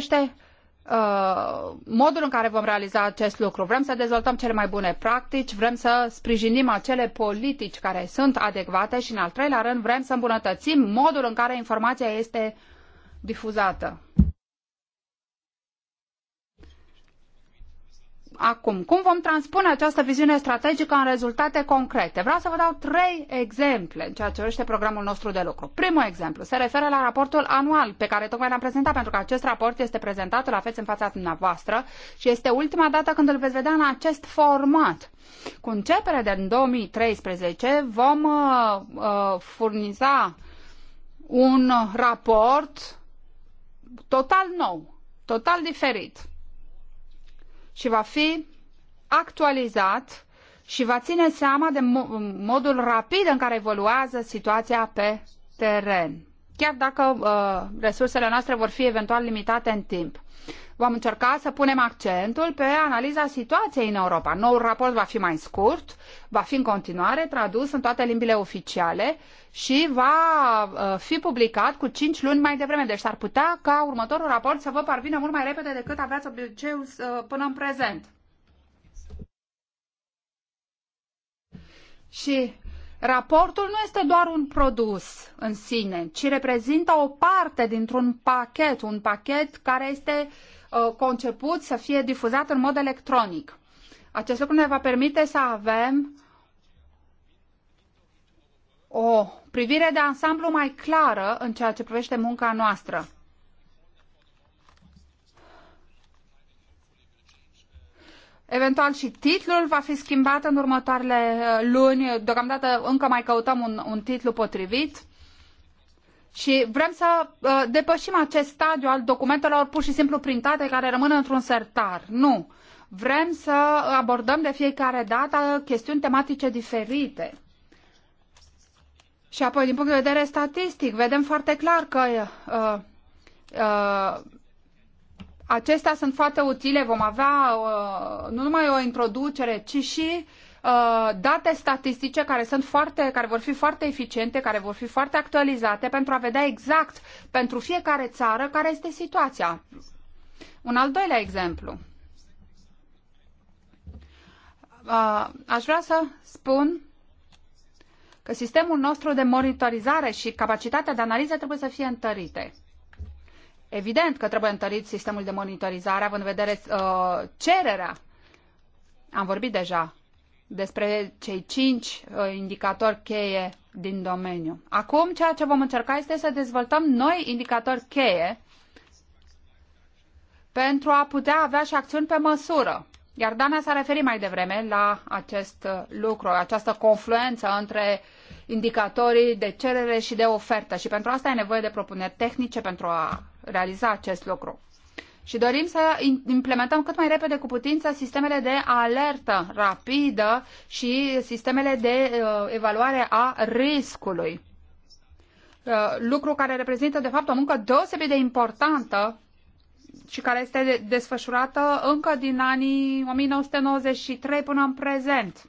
Uh, modul în care vom realiza acest lucru. Vrem să dezvoltăm cele mai bune practici, vrem să sprijinim acele politici care sunt adecvate și, în al treilea rând, vrem să îmbunătățim modul în care informația este difuzată. acum. Cum vom transpune această viziune strategică în rezultate concrete? Vreau să vă dau trei exemple în ceea ce privește programul nostru de lucru. Primul exemplu se referă la raportul anual pe care tocmai l-am prezentat, pentru că acest raport este prezentat, la aveți în fața dumneavoastră și este ultima dată când îl veți vedea în acest format. Cu începere de 2013 vom uh, uh, furniza un raport total nou, total diferit și va fi actualizat și va ține seama de modul rapid în care evoluează situația pe teren chiar dacă uh, resursele noastre vor fi eventual limitate în timp. Vom încerca să punem accentul pe analiza situației în Europa. Noul raport va fi mai scurt, va fi în continuare tradus în toate limbile oficiale și va uh, fi publicat cu 5 luni mai devreme. Deci s-ar putea ca următorul raport să vă parvină mult mai repede decât aveați obiceiul uh, până în prezent. Și Raportul nu este doar un produs în sine, ci reprezintă o parte dintr-un pachet, un pachet care este uh, conceput să fie difuzat în mod electronic. Acest lucru ne va permite să avem o privire de ansamblu mai clară în ceea ce privește munca noastră. Eventual și titlul va fi schimbat în următoarele uh, luni. Deocamdată încă mai căutăm un, un titlu potrivit. Și vrem să uh, depășim acest stadiu al documentelor pur și simplu printate care rămân într-un sertar. Nu. Vrem să abordăm de fiecare dată chestiuni tematice diferite. Și apoi, din punct de vedere statistic, vedem foarte clar că uh, uh, acestea sunt foarte utile. Vom avea uh, nu numai o introducere, ci și uh, date statistice care sunt foarte, care vor fi foarte eficiente, care vor fi foarte actualizate pentru a vedea exact pentru fiecare țară care este situația. Un al doilea exemplu. Uh, aș vrea să spun că sistemul nostru de monitorizare și capacitatea de analiză trebuie să fie întărite. Evident că trebuie întărit sistemul de monitorizare, având în vedere uh, cererea. Am vorbit deja despre cei cinci uh, indicatori cheie din domeniu. Acum, ceea ce vom încerca este să dezvoltăm noi indicatori cheie pentru a putea avea și acțiuni pe măsură. Iar Dana s-a referit mai devreme la acest uh, lucru, această confluență între indicatorii de cerere și de ofertă. Și pentru asta e nevoie de propuneri tehnice pentru a realiza acest lucru. Și dorim să implementăm cât mai repede cu putință sistemele de alertă rapidă și sistemele de uh, evaluare a riscului. Uh, lucru care reprezintă, de fapt, o muncă deosebit de importantă și care este desfășurată încă din anii 1993 până în prezent.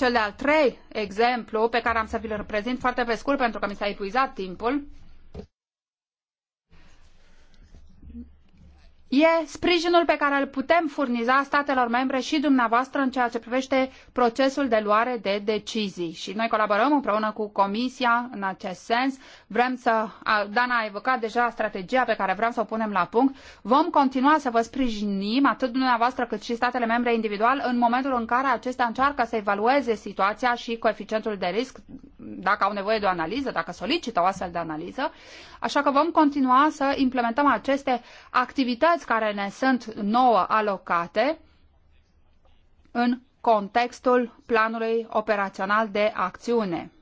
Cel de-al trei exemplu pe care am să vi-l prezint foarte pe scurt pentru că mi s-a epuizat timpul e sprijinul pe care îl putem furniza statelor membre și dumneavoastră în ceea ce privește procesul de luare de decizii. Și noi colaborăm împreună cu Comisia în acest sens. Vrem să, Dana a evocat deja strategia pe care vrem să o punem la punct. Vom continua să vă sprijinim, atât dumneavoastră cât și statele membre individual, în momentul în care acestea încearcă să evalueze situația și coeficientul de risc, dacă au nevoie de o analiză, dacă solicită o astfel de analiză. Așa că vom continua să implementăm aceste activități oportunități care ne sunt nouă alocate în contextul planului operațional de acțiune.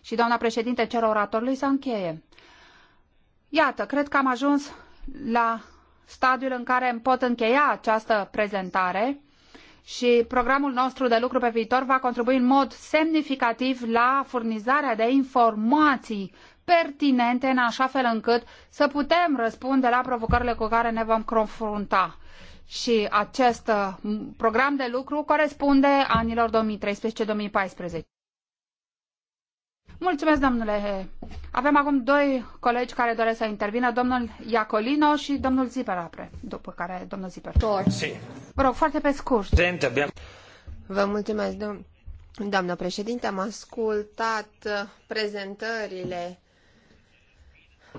Și doamna președinte, cer oratorului să încheie. Iată, cred că am ajuns la stadiul în care îmi pot încheia această prezentare și programul nostru de lucru pe viitor va contribui în mod semnificativ la furnizarea de informații pertinente în așa fel încât să putem răspunde la provocările cu care ne vom confrunta. Și acest uh, program de lucru corespunde anilor 2013-2014. Mulțumesc, domnule. Avem acum doi colegi care doresc să intervină, domnul Iacolino și domnul Ziper după care domnul Ziper. Vă rog, foarte pe scurt. Vă mulțumesc, domn... doamnă președinte. Am ascultat uh, prezentările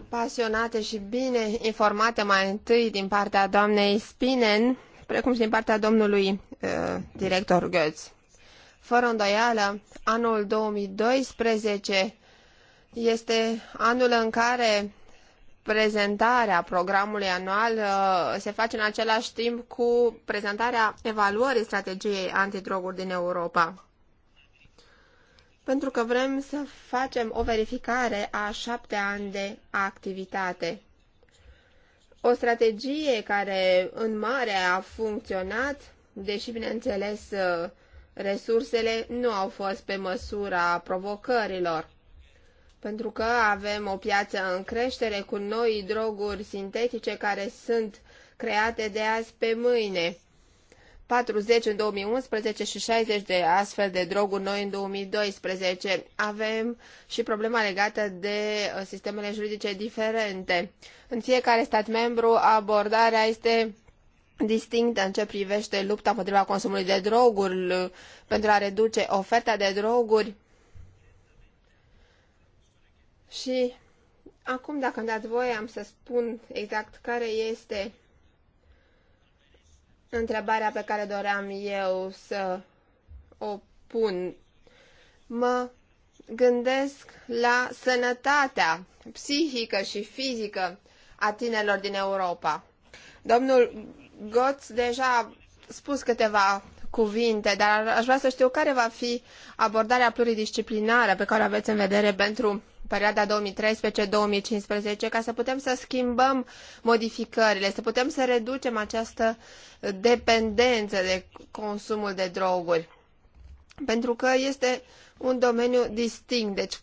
pasionate și bine informate mai întâi din partea doamnei Spinen, precum și din partea domnului uh, director Götz. Fără îndoială, anul 2012 este anul în care prezentarea programului anual uh, se face în același timp cu prezentarea evaluării strategiei antidroguri din Europa pentru că vrem să facem o verificare a șapte ani de activitate. O strategie care în mare a funcționat, deși, bineînțeles, resursele nu au fost pe măsura provocărilor. Pentru că avem o piață în creștere cu noi droguri sintetice care sunt create de azi pe mâine 40 în 2011 și 60 de astfel de droguri noi în 2012. Avem și problema legată de uh, sistemele juridice diferente. În fiecare stat membru abordarea este distinctă în ce privește lupta împotriva consumului de droguri uh, pentru a reduce oferta de droguri. Și acum, dacă îmi dați voie, am să spun exact care este întrebarea pe care doream eu să o pun. Mă gândesc la sănătatea psihică și fizică a tinerilor din Europa. Domnul Goț deja a spus câteva cuvinte, dar aș vrea să știu care va fi abordarea pluridisciplinară pe care o aveți în vedere pentru perioada 2013-2015 ca să putem să schimbăm modificările, să putem să reducem această dependență de consumul de droguri. Pentru că este un domeniu distinct. Deci,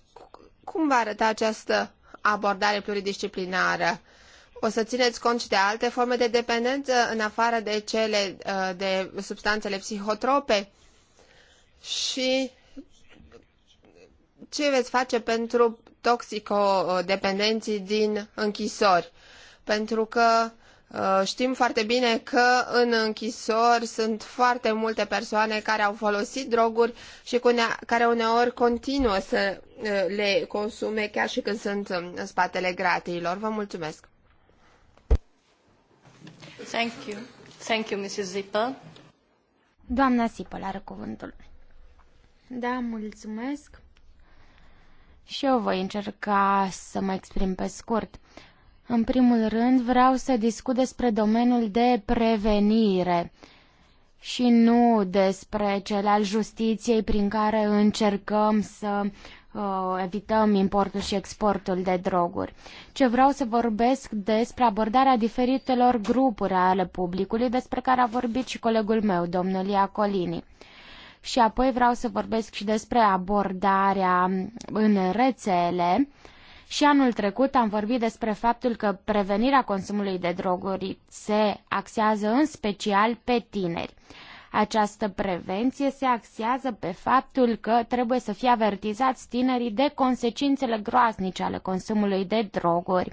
cum va arăta această abordare pluridisciplinară? O să țineți cont și de alte forme de dependență în afară de cele uh, de substanțele psihotrope? Și ce veți face pentru toxicodependenții din închisori. Pentru că uh, Știm foarte bine că în închisori sunt foarte multe persoane care au folosit droguri și care uneori continuă să uh, le consume chiar și când sunt în spatele gratiilor. Vă mulțumesc! Thank you. Thank you, Mrs. Zippel. Doamna are cuvântul. Da, mulțumesc. Și eu voi încerca să mă exprim pe scurt. În primul rând, vreau să discut despre domeniul de prevenire și nu despre cel al justiției prin care încercăm să uh, evităm importul și exportul de droguri. Ce vreau să vorbesc despre abordarea diferitelor grupuri ale publicului despre care a vorbit și colegul meu, domnul Iacolini. Uh, și apoi vreau să vorbesc și despre abordarea în rețele. Și anul trecut am vorbit despre faptul că prevenirea consumului de droguri se axează în special pe tineri. Această prevenție se axează pe faptul că trebuie să fie avertizați tinerii de consecințele groaznice ale consumului de droguri.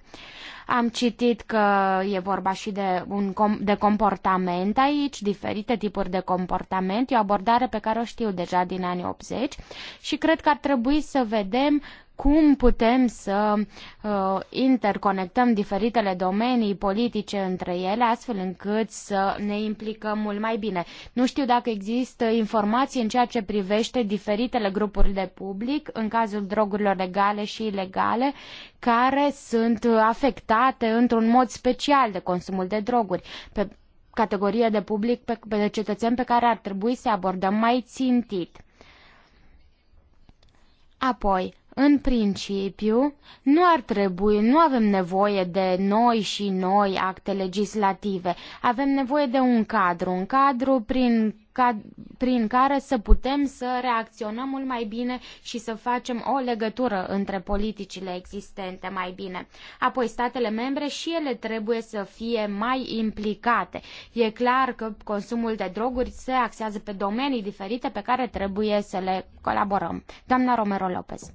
Am citit că e vorba și de, un com- de comportament aici, diferite tipuri de comportament, e o abordare pe care o știu deja din anii 80 și cred că ar trebui să vedem cum putem să uh, interconectăm diferitele domenii politice între ele, astfel încât să ne implicăm mult mai bine. Nu știu dacă există informații în ceea ce privește diferitele grupuri de public, în cazul drogurilor legale și ilegale, care sunt afectate într-un mod special de consumul de droguri. Pe categorie de public, pe, pe de cetățeni pe care ar trebui să abordăm mai țintit. Apoi, în principiu, nu ar trebui, nu avem nevoie de noi și noi acte legislative. Avem nevoie de un cadru, un cadru prin, ca, prin care să putem să reacționăm mult mai bine și să facem o legătură între politicile existente mai bine. Apoi, statele membre și ele trebuie să fie mai implicate. E clar că consumul de droguri se axează pe domenii diferite pe care trebuie să le colaborăm. Doamna Romero Lopez.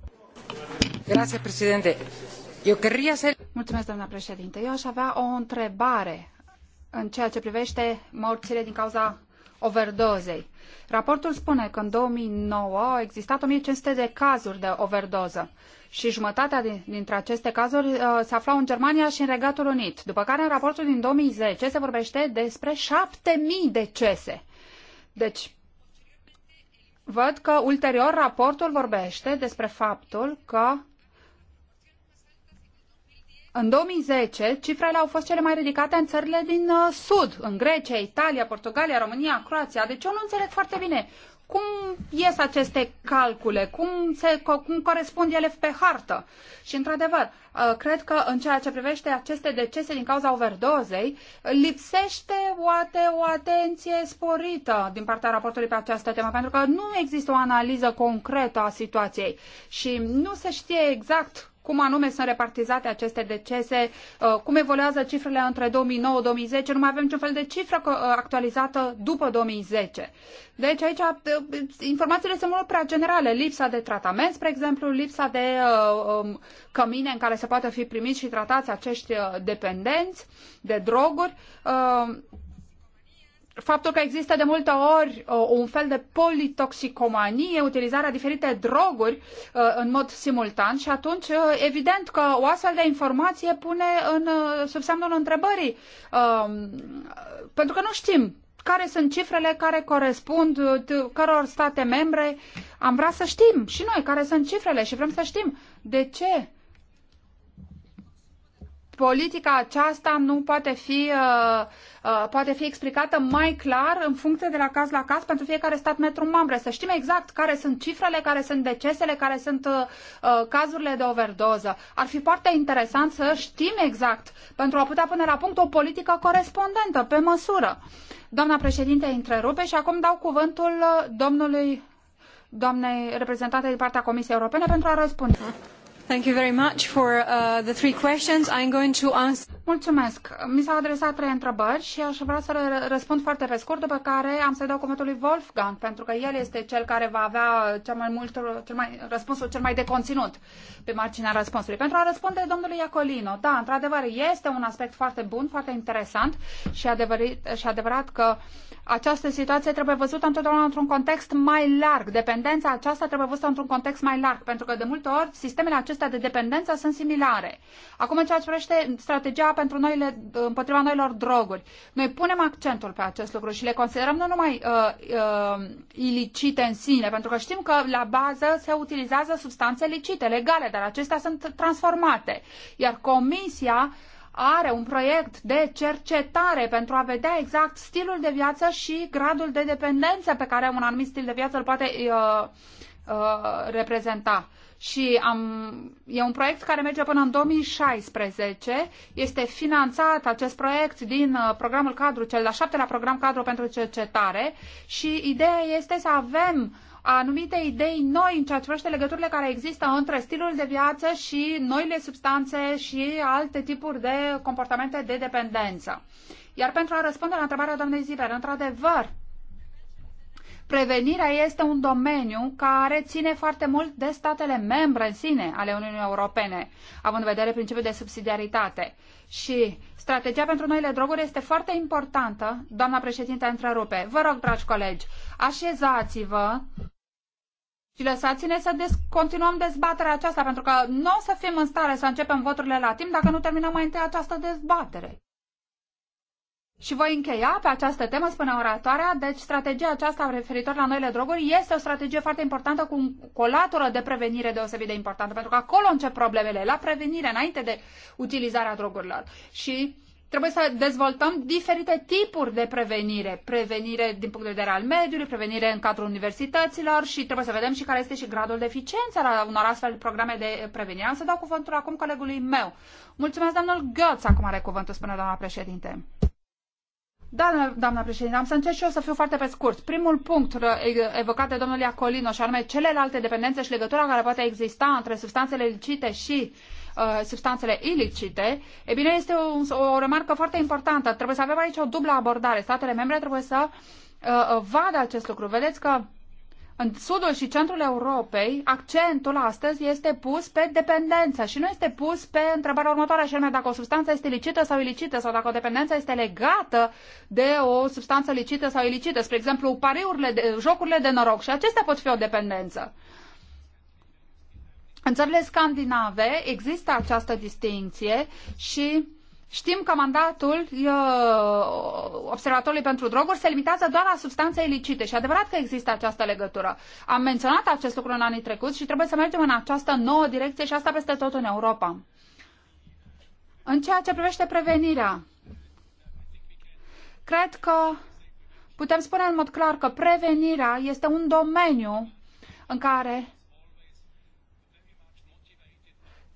Mulțumesc, doamna președinte. Eu aș avea o întrebare în ceea ce privește morțile din cauza overdozei. Raportul spune că în 2009 au existat 1500 de cazuri de overdoză și jumătatea dintre aceste cazuri uh, se aflau în Germania și în Regatul Unit. După care, în raportul din 2010 se vorbește despre 7000 decese. Deci, văd că ulterior raportul vorbește despre faptul că în 2010, cifrele au fost cele mai ridicate în țările din uh, Sud, în Grecia, Italia, Portugalia, România, Croația. Deci eu nu înțeleg foarte bine cum ies aceste calcule, cum, se, cum corespund ele pe hartă. Și, într-adevăr, Uh, cred că în ceea ce privește aceste decese din cauza overdozei, lipsește poate o atenție sporită din partea raportului pe această temă, pentru că nu există o analiză concretă a situației și nu se știe exact cum anume sunt repartizate aceste decese, uh, cum evoluează cifrele între 2009-2010, nu mai avem niciun fel de cifră uh, actualizată după 2010. Deci aici uh, informațiile sunt mult prea generale. Lipsa de tratament, spre exemplu, lipsa de um, cămine în care se poate fi primiți și tratați acești dependenți de droguri faptul că există de multe ori un fel de politoxicomanie, utilizarea diferite droguri uh, în mod simultan și atunci uh, evident că o astfel de informație pune în, uh, sub semnul întrebării, um, pentru că nu știm care sunt cifrele care corespund căror state membre. Am vrea să știm și noi care sunt cifrele și vrem să știm de ce politica aceasta nu poate fi, uh, uh, poate fi explicată mai clar în funcție de la caz la caz pentru fiecare stat metru membre. Să știm exact care sunt cifrele, care sunt decesele, care sunt uh, uh, cazurile de overdoză. Ar fi foarte interesant să știm exact pentru a putea pune la punct o politică corespondentă, pe măsură. Doamna președinte întrerupe și acum dau cuvântul uh, domnului doamnei reprezentante din partea Comisiei Europene pentru a răspunde. Thank you very much for uh, the three questions. I'm going to answer. Mulțumesc. Mi s-au adresat trei întrebări și aș vrea să răspund foarte pe scurt, după care am să-i dau cuvântul lui Wolfgang, pentru că el este cel care va avea cel mai mult, cel mai, răspunsul cel mai de conținut pe marginea răspunsului. Pentru a răspunde domnului Iacolino, da, într-adevăr, este un aspect foarte bun, foarte interesant și adevărat, și adevărat că această situație trebuie văzută întotdeauna într-un context mai larg. Dependența aceasta trebuie văzută într-un context mai larg, pentru că de multe ori sistemele acestea acestea de dependență sunt similare. Acum, în ceea ce privește strategia pentru noile, împotriva noilor droguri, noi punem accentul pe acest lucru și le considerăm nu numai uh, uh, ilicite în sine, pentru că știm că la bază se utilizează substanțe licite, legale, dar acestea sunt transformate. Iar Comisia are un proiect de cercetare pentru a vedea exact stilul de viață și gradul de dependență pe care un anumit stil de viață îl poate uh, uh, reprezenta și am, e un proiect care merge până în 2016. Este finanțat acest proiect din uh, programul cadru, cel de-al șaptelea program cadru pentru cercetare și ideea este să avem anumite idei noi în ceea ce privește legăturile care există între stilul de viață și noile substanțe și alte tipuri de comportamente de dependență. Iar pentru a răspunde la întrebarea doamnei Ziver, într-adevăr, prevenirea este un domeniu care ține foarte mult de statele membre în sine ale Uniunii Europene, având în vedere principiul de subsidiaritate. Și strategia pentru noile droguri este foarte importantă. Doamna președinte, întrerupe. Vă rog, dragi colegi, așezați-vă și lăsați-ne să des- continuăm dezbaterea aceasta, pentru că nu o să fim în stare să începem voturile la timp dacă nu terminăm mai întâi această dezbatere. Și voi încheia pe această temă, spune oratoarea, deci strategia aceasta referitor la noile droguri este o strategie foarte importantă cu, o latură de prevenire deosebit de importantă, pentru că acolo încep problemele, la prevenire, înainte de utilizarea drogurilor. Și trebuie să dezvoltăm diferite tipuri de prevenire. Prevenire din punct de vedere al mediului, prevenire în cadrul universităților și trebuie să vedem și care este și gradul de eficiență la unor astfel de programe de prevenire. Am să dau cuvântul acum colegului meu. Mulțumesc, domnul Götz, acum are cuvântul, spune doamna președinte. Da, doamna președinte, am să încerc și eu să fiu foarte pe scurt. Primul punct uh, evocat de domnul Iacolino și anume celelalte dependențe și legătura care poate exista între substanțele licite și uh, substanțele ilicite, e bine, este o, o remarcă foarte importantă. Trebuie să avem aici o dublă abordare. Statele membre trebuie să uh, vadă acest lucru. Vedeți că uh, în sudul și centrul Europei, accentul astăzi este pus pe dependență și nu este pus pe întrebarea următoare, și anume dacă o substanță este licită sau ilicită sau dacă o dependență este legată de o substanță licită sau ilicită. Spre exemplu, pariurile, de, jocurile de noroc și acestea pot fi o dependență. În țările scandinave există această distinție și Știm că mandatul Observatorului pentru Droguri se limitează doar la substanțe ilicite și adevărat că există această legătură. Am menționat acest lucru în anii trecuți și trebuie să mergem în această nouă direcție și asta peste tot în Europa. În ceea ce privește prevenirea, cred că putem spune în mod clar că prevenirea este un domeniu în care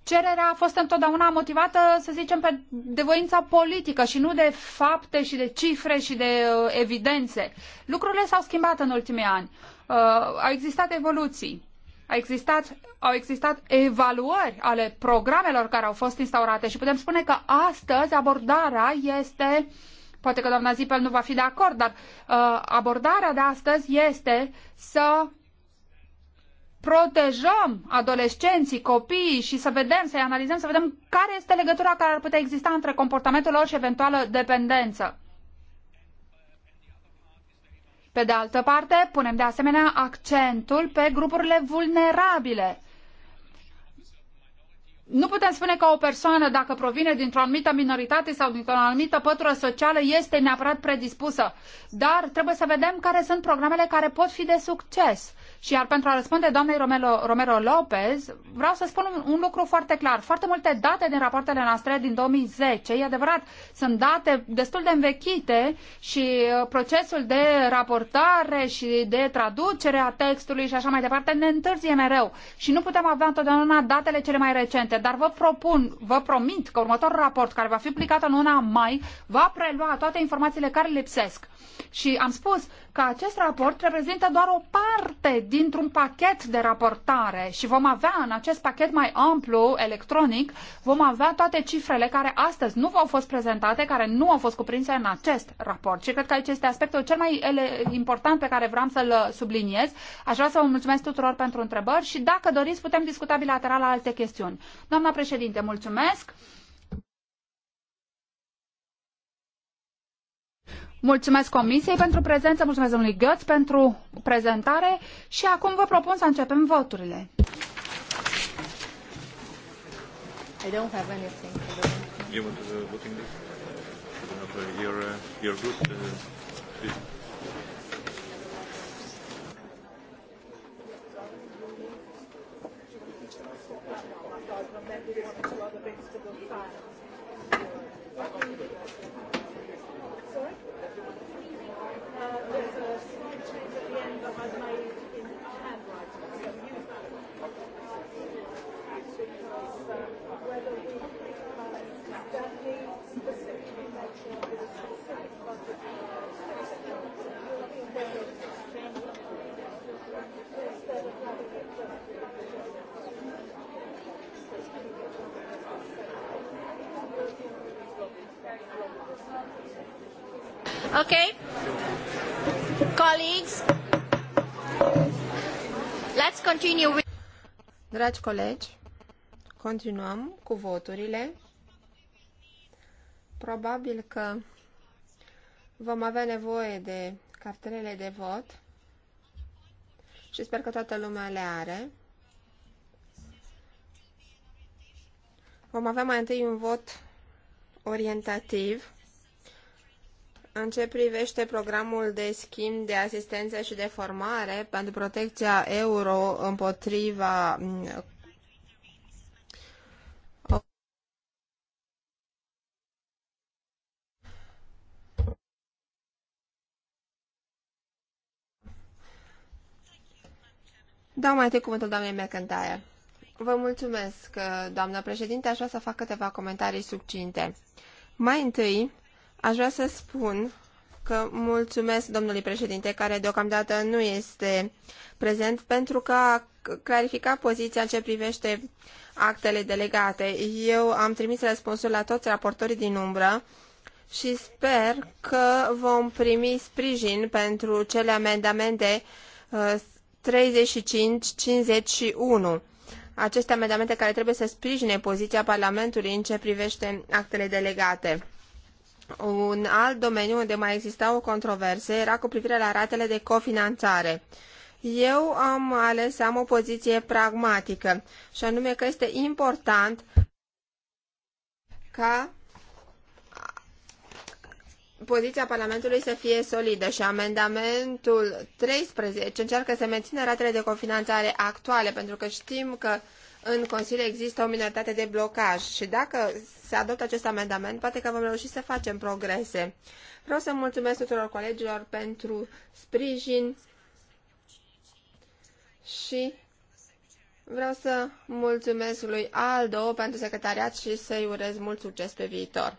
cererea a fost întotdeauna motivată, să zicem, pe, de voința politică și nu de fapte și de cifre și de uh, evidențe. Lucrurile s-au schimbat în ultimii ani. Uh, au existat evoluții. Au existat, au existat evaluări ale programelor care au fost instaurate și putem spune că astăzi abordarea este, poate că doamna Zipel nu va fi de acord, dar uh, abordarea de astăzi este să protejăm adolescenții, copiii și să vedem, să-i analizăm, să vedem care este legătura care ar putea exista între comportamentul lor și eventuală dependență. Pe de altă parte, punem de asemenea accentul pe grupurile vulnerabile. Nu putem spune că o persoană, dacă provine dintr-o anumită minoritate sau dintr-o anumită pătură socială, este neapărat predispusă. Dar trebuie să vedem care sunt programele care pot fi de succes și iar pentru a răspunde doamnei Romero, Romero Lopez, vreau să spun un, un lucru foarte clar. Foarte multe date din rapoartele noastre din 2010, e adevărat, sunt date destul de învechite și uh, procesul de raportare și de traducere a textului și așa mai departe ne întârzie mereu și nu putem avea întotdeauna datele cele mai recente, dar vă propun, vă promit că următorul raport care va fi publicat în luna mai va prelua toate informațiile care lipsesc. Și am spus, că acest raport reprezintă doar o parte dintr-un pachet de raportare și vom avea în acest pachet mai amplu, electronic, vom avea toate cifrele care astăzi nu v-au fost prezentate, care nu au fost cuprinse în acest raport. Și cred că aici este aspectul cel mai important pe care vreau să-l subliniez. Aș vrea să vă mulțumesc tuturor pentru întrebări și dacă doriți putem discuta bilateral alte chestiuni. Doamna președinte, mulțumesc! Mulțumesc Comisiei pentru prezență, mulțumesc domnului Gheoț pentru prezentare și acum vă propun să începem voturile. I don't have anything. You want to voting list? Your, uh, your group, uh, Dragi colegi, continuăm cu voturile. Probabil că vom avea nevoie de cartelele de vot și sper că toată lumea le are. Vom avea mai întâi un vot orientativ în ce privește programul de schimb de asistență și de formare pentru protecția euro împotriva mm, Dau mai întâi cuvântul doamnei McIntyre. Vă mulțumesc, doamnă președinte. Aș vrea să fac câteva comentarii subcinte. Mai întâi, Aș vrea să spun că mulțumesc domnului președinte, care deocamdată nu este prezent, pentru că a clarificat poziția în ce privește actele delegate. Eu am trimis răspunsul la toți raportorii din umbră și sper că vom primi sprijin pentru cele amendamente 35-51. Uh, Aceste amendamente care trebuie să sprijine poziția Parlamentului în ce privește actele delegate. Un alt domeniu unde mai existau controverse era cu privire la ratele de cofinanțare. Eu am ales să am o poziție pragmatică și anume că este important ca poziția Parlamentului să fie solidă și amendamentul 13 încearcă să mențină ratele de cofinanțare actuale, pentru că știm că în Consiliu există o minoritate de blocaj și dacă se adoptă acest amendament, poate că vom reuși să facem progrese. Vreau să mulțumesc tuturor colegilor pentru sprijin și vreau să mulțumesc lui Aldo pentru secretariat și să-i urez mult succes pe viitor.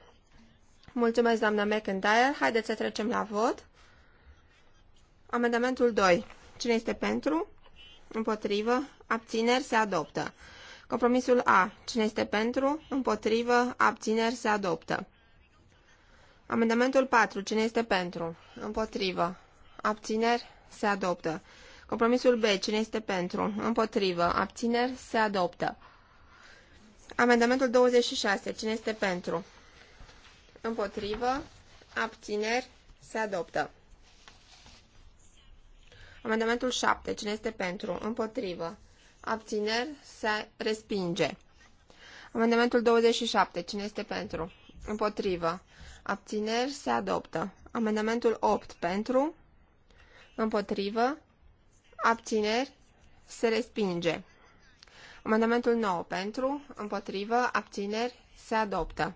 Mulțumesc, doamna McIntyre. Haideți să trecem la vot. Amendamentul 2. Cine este pentru? Împotrivă? Abțineri? Se adoptă. Compromisul A. Cine este pentru? Împotrivă? Abțineri? Se adoptă. Amendamentul 4. Cine este pentru? Împotrivă. Abțineri? Se adoptă. Compromisul B. Cine este pentru? Împotrivă. Abțineri? Se adoptă. Amendamentul 26. Cine este pentru? Împotrivă. Abțineri? Se adoptă. Amendamentul 7. Cine este pentru? Împotrivă abțineri, se respinge. Amendamentul 27. Cine este pentru? Împotrivă. Abțineri, se adoptă. Amendamentul 8. Pentru? Împotrivă. Abțineri, se respinge. Amendamentul 9. Pentru? Împotrivă. Abțineri, se adoptă.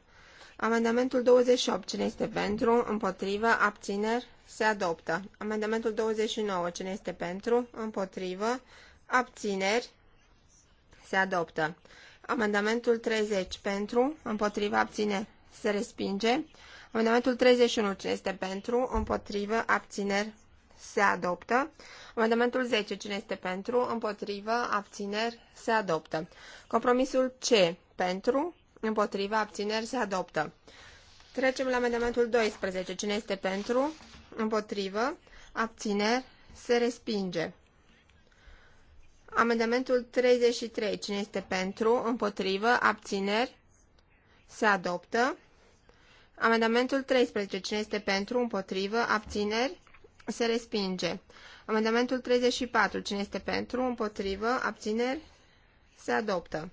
Amendamentul 28. Cine este pentru? Împotrivă. Abțineri? Se adoptă. Amendamentul 29. Cine este pentru? Împotrivă. Abțineri? se adoptă. Amendamentul 30 pentru, împotrivă, abțineri, se respinge. Amendamentul 31, cine este pentru, împotrivă, abțineri, se adoptă. Amendamentul 10, cine este pentru, împotrivă, abțineri, se adoptă. Compromisul C, pentru, împotrivă, abțineri, se adoptă. Trecem la amendamentul 12, cine este pentru, împotrivă, abțineri, se respinge. Amendamentul 33. Cine este pentru? Împotrivă? Abțineri? Se adoptă. Amendamentul 13. Cine este pentru? Împotrivă? Abțineri? Se respinge. Amendamentul 34. Cine este pentru? Împotrivă? Abțineri? Se adoptă.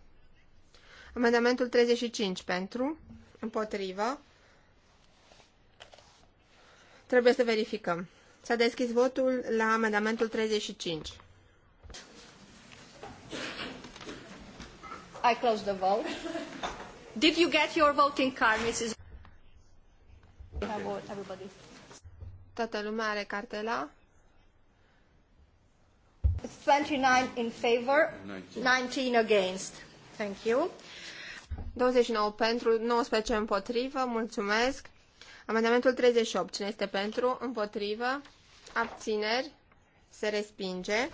Amendamentul 35. Pentru? Împotrivă? Trebuie să verificăm. S-a deschis votul la amendamentul 35. I close the vote. Did you get your voting card, Mrs. Okay. Everybody. Toată lumea are cartela? It's 29 in favor, 19, 19 against. Thank you. 29 pentru, 19 împotrivă, mulțumesc. Amendamentul 38, cine este pentru, împotrivă, abțineri, se respinge.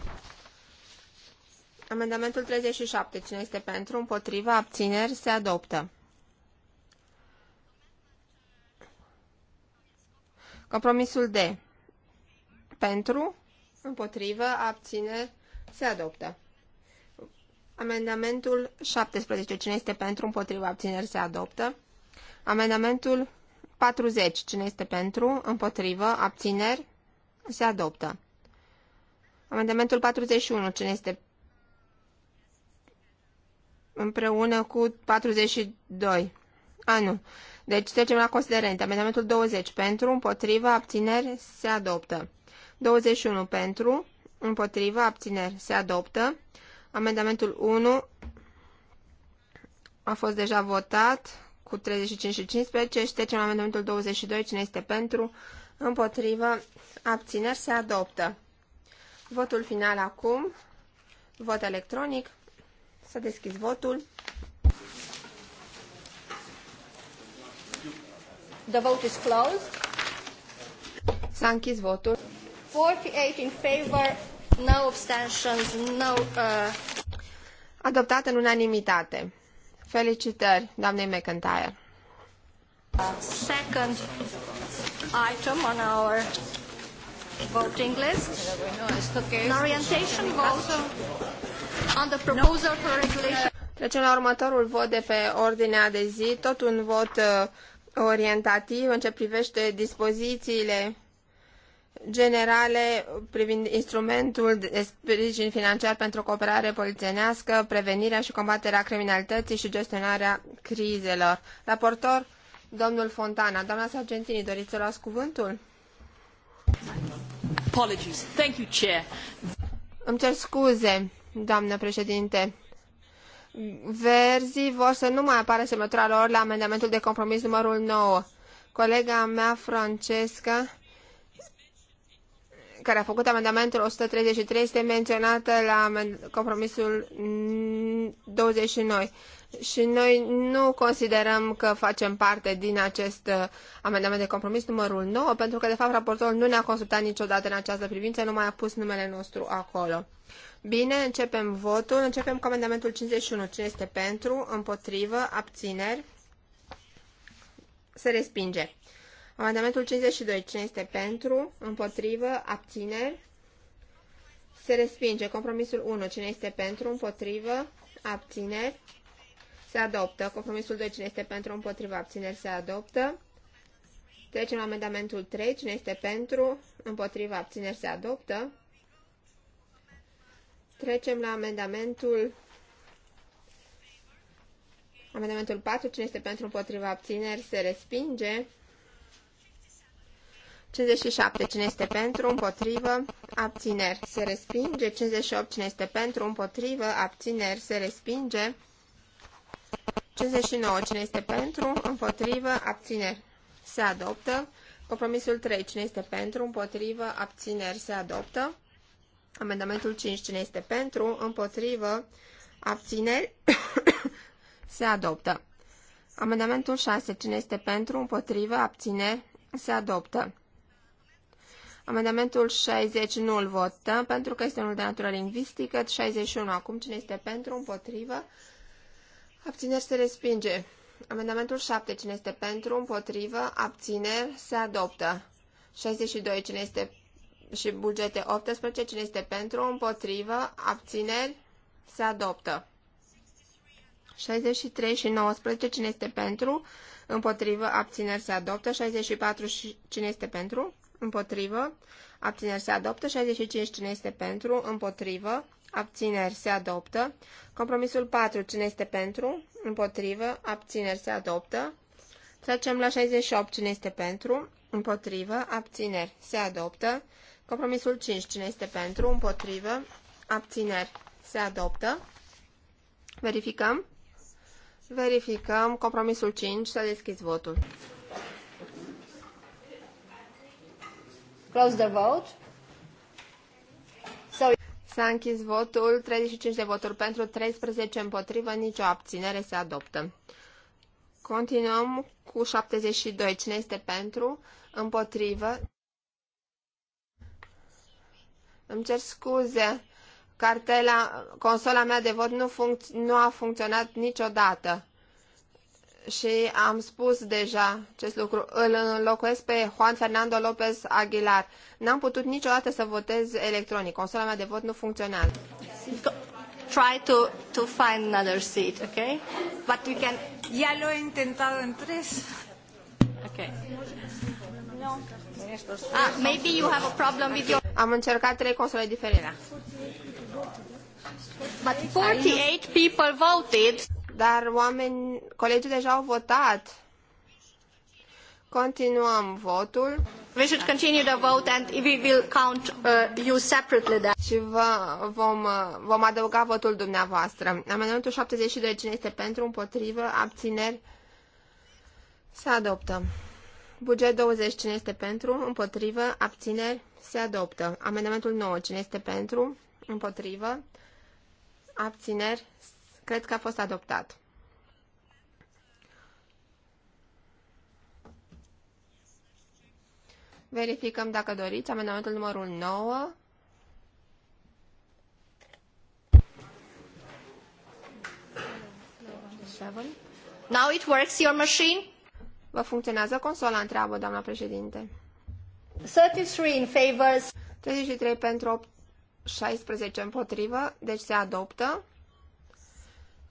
Amendamentul 37. Cine este pentru? Împotriva? Abțineri? Se adoptă. Compromisul D. Pentru? Împotrivă? Abțineri? Se adoptă. Amendamentul 17. Cine este pentru? Împotriva? Abțineri? Se adoptă. Amendamentul 40. Cine este pentru? Împotrivă? Abțineri? Se adoptă. Amendamentul 41. Cine este împreună cu 42. A, nu. Deci trecem la considerente. Amendamentul 20 pentru, împotriva abțineri, se adoptă. 21 pentru, împotriva abțineri, se adoptă. Amendamentul 1 a fost deja votat cu 35 și 15 și trecem la amendamentul 22. Cine este pentru? împotriva abțineri, se adoptă. Votul final acum, vot electronic. Să a votul. The vote is closed. S-a închis votul. 48 in favor, no abstentions, no... Uh... Adoptat în unanimitate. Felicitări, doamnei McIntyre. Second item on our voting list, an orientation vote Trecem la următorul vot de pe ordinea de zi, tot un vot uh, orientativ în ce privește dispozițiile generale privind instrumentul de sprijin financiar pentru cooperare polițienească, prevenirea și combaterea criminalității și gestionarea crizelor. Raportor, domnul Fontana. Doamna Sargentini, doriți să luați cuvântul? Apologies. Thank you, Chair. Îmi cer scuze doamnă președinte. Verzii vor să nu mai apară semnătura lor la amendamentul de compromis numărul 9. Colega mea, Francesca, care a făcut amendamentul 133, este menționată la compromisul 29. Și noi nu considerăm că facem parte din acest uh, amendament de compromis numărul 9, pentru că, de fapt, raportorul nu ne-a consultat niciodată în această privință, nu mai a pus numele nostru acolo. Bine, începem votul. Începem cu amendamentul 51. Cine este pentru? Împotrivă? Abțineri? Se respinge. Amendamentul 52. Cine este pentru? Împotrivă? Abțineri? Se respinge. Compromisul 1. Cine este pentru? Împotrivă? Abțineri? Se adoptă. Compromisul 2. Cine este pentru? Împotrivă? Abțineri? Se adoptă. Trecem la amendamentul 3. Cine este pentru? Împotrivă? Abțineri? Se adoptă. Trecem la amendamentul amendamentul 4. Cine este pentru împotriva abțineri se respinge. 57. Cine este pentru, împotrivă, abțineri, se respinge. 58. Cine este pentru, împotrivă, abțineri, se respinge. 59. Cine este pentru, împotrivă, abțineri, se adoptă. Compromisul 3. Cine este pentru, împotrivă, abțineri, se adoptă. Amendamentul 5, cine este pentru, împotrivă, abțineri, se adoptă. Amendamentul 6, cine este pentru, împotrivă, abțineri, se adoptă. Amendamentul 60 nu îl votăm pentru că este unul de natură lingvistică. 61 acum, cine este pentru, împotrivă, abțineri, se respinge. Amendamentul 7, cine este pentru, împotrivă, abțineri, se adoptă. 62, cine este și bugete 18. Cine este pentru? Împotrivă? Abțineri? Se adoptă. 63 și 19. Cine este pentru? Împotrivă? Abțineri? Se adoptă. 64 și cine este pentru? Împotrivă? Abțineri? Se adoptă. 65. Cine este pentru? Împotrivă? Abțineri se adoptă. Compromisul 4. Cine este pentru? Împotrivă. Abțineri se adoptă. Trecem la 68. Cine este pentru? Împotrivă. Abțineri se adoptă. Compromisul 5. Cine este pentru? Împotrivă. Abțineri. Se adoptă. Verificăm. Verificăm. Compromisul 5. S-a deschis votul. Close the vote. S-a închis votul. 35 de voturi pentru, 13 împotrivă, nicio abținere se adoptă. Continuăm cu 72. Cine este pentru? Împotrivă. Îmi cer scuze, cartela, consola mea de vot nu, nu a funcționat niciodată. Și am spus deja acest lucru. Îl înlocuiesc pe Juan Fernando López Aguilar. N-am putut niciodată să votez electronic. Consola mea de vot nu funcționează. Try to, to find another seat, okay? But we can... Ya lo he intentado en tres. Okay. No. Ah, maybe you have a problem with your... Am încercat trei console diferite. But 48 people voted. Dar oameni, colegii deja au votat. Continuăm votul. We should continue the vote and we will count uh, you separately then. Și vă, vom, uh, vom adăuga votul dumneavoastră. Amendamentul 72, cine este pentru, împotrivă, abțineri, se adoptă. Buget 20, cine este pentru, împotrivă, abțineri, se adoptă. Amendamentul 9, cine este pentru? Împotrivă. Abțineri, cred că a fost adoptat. Verificăm dacă doriți amendamentul numărul 9. Now it works your machine? Vă funcționează consola, întreabă doamna președinte. 33 in favor. 33 pentru 8, 16 împotrivă, deci se adoptă.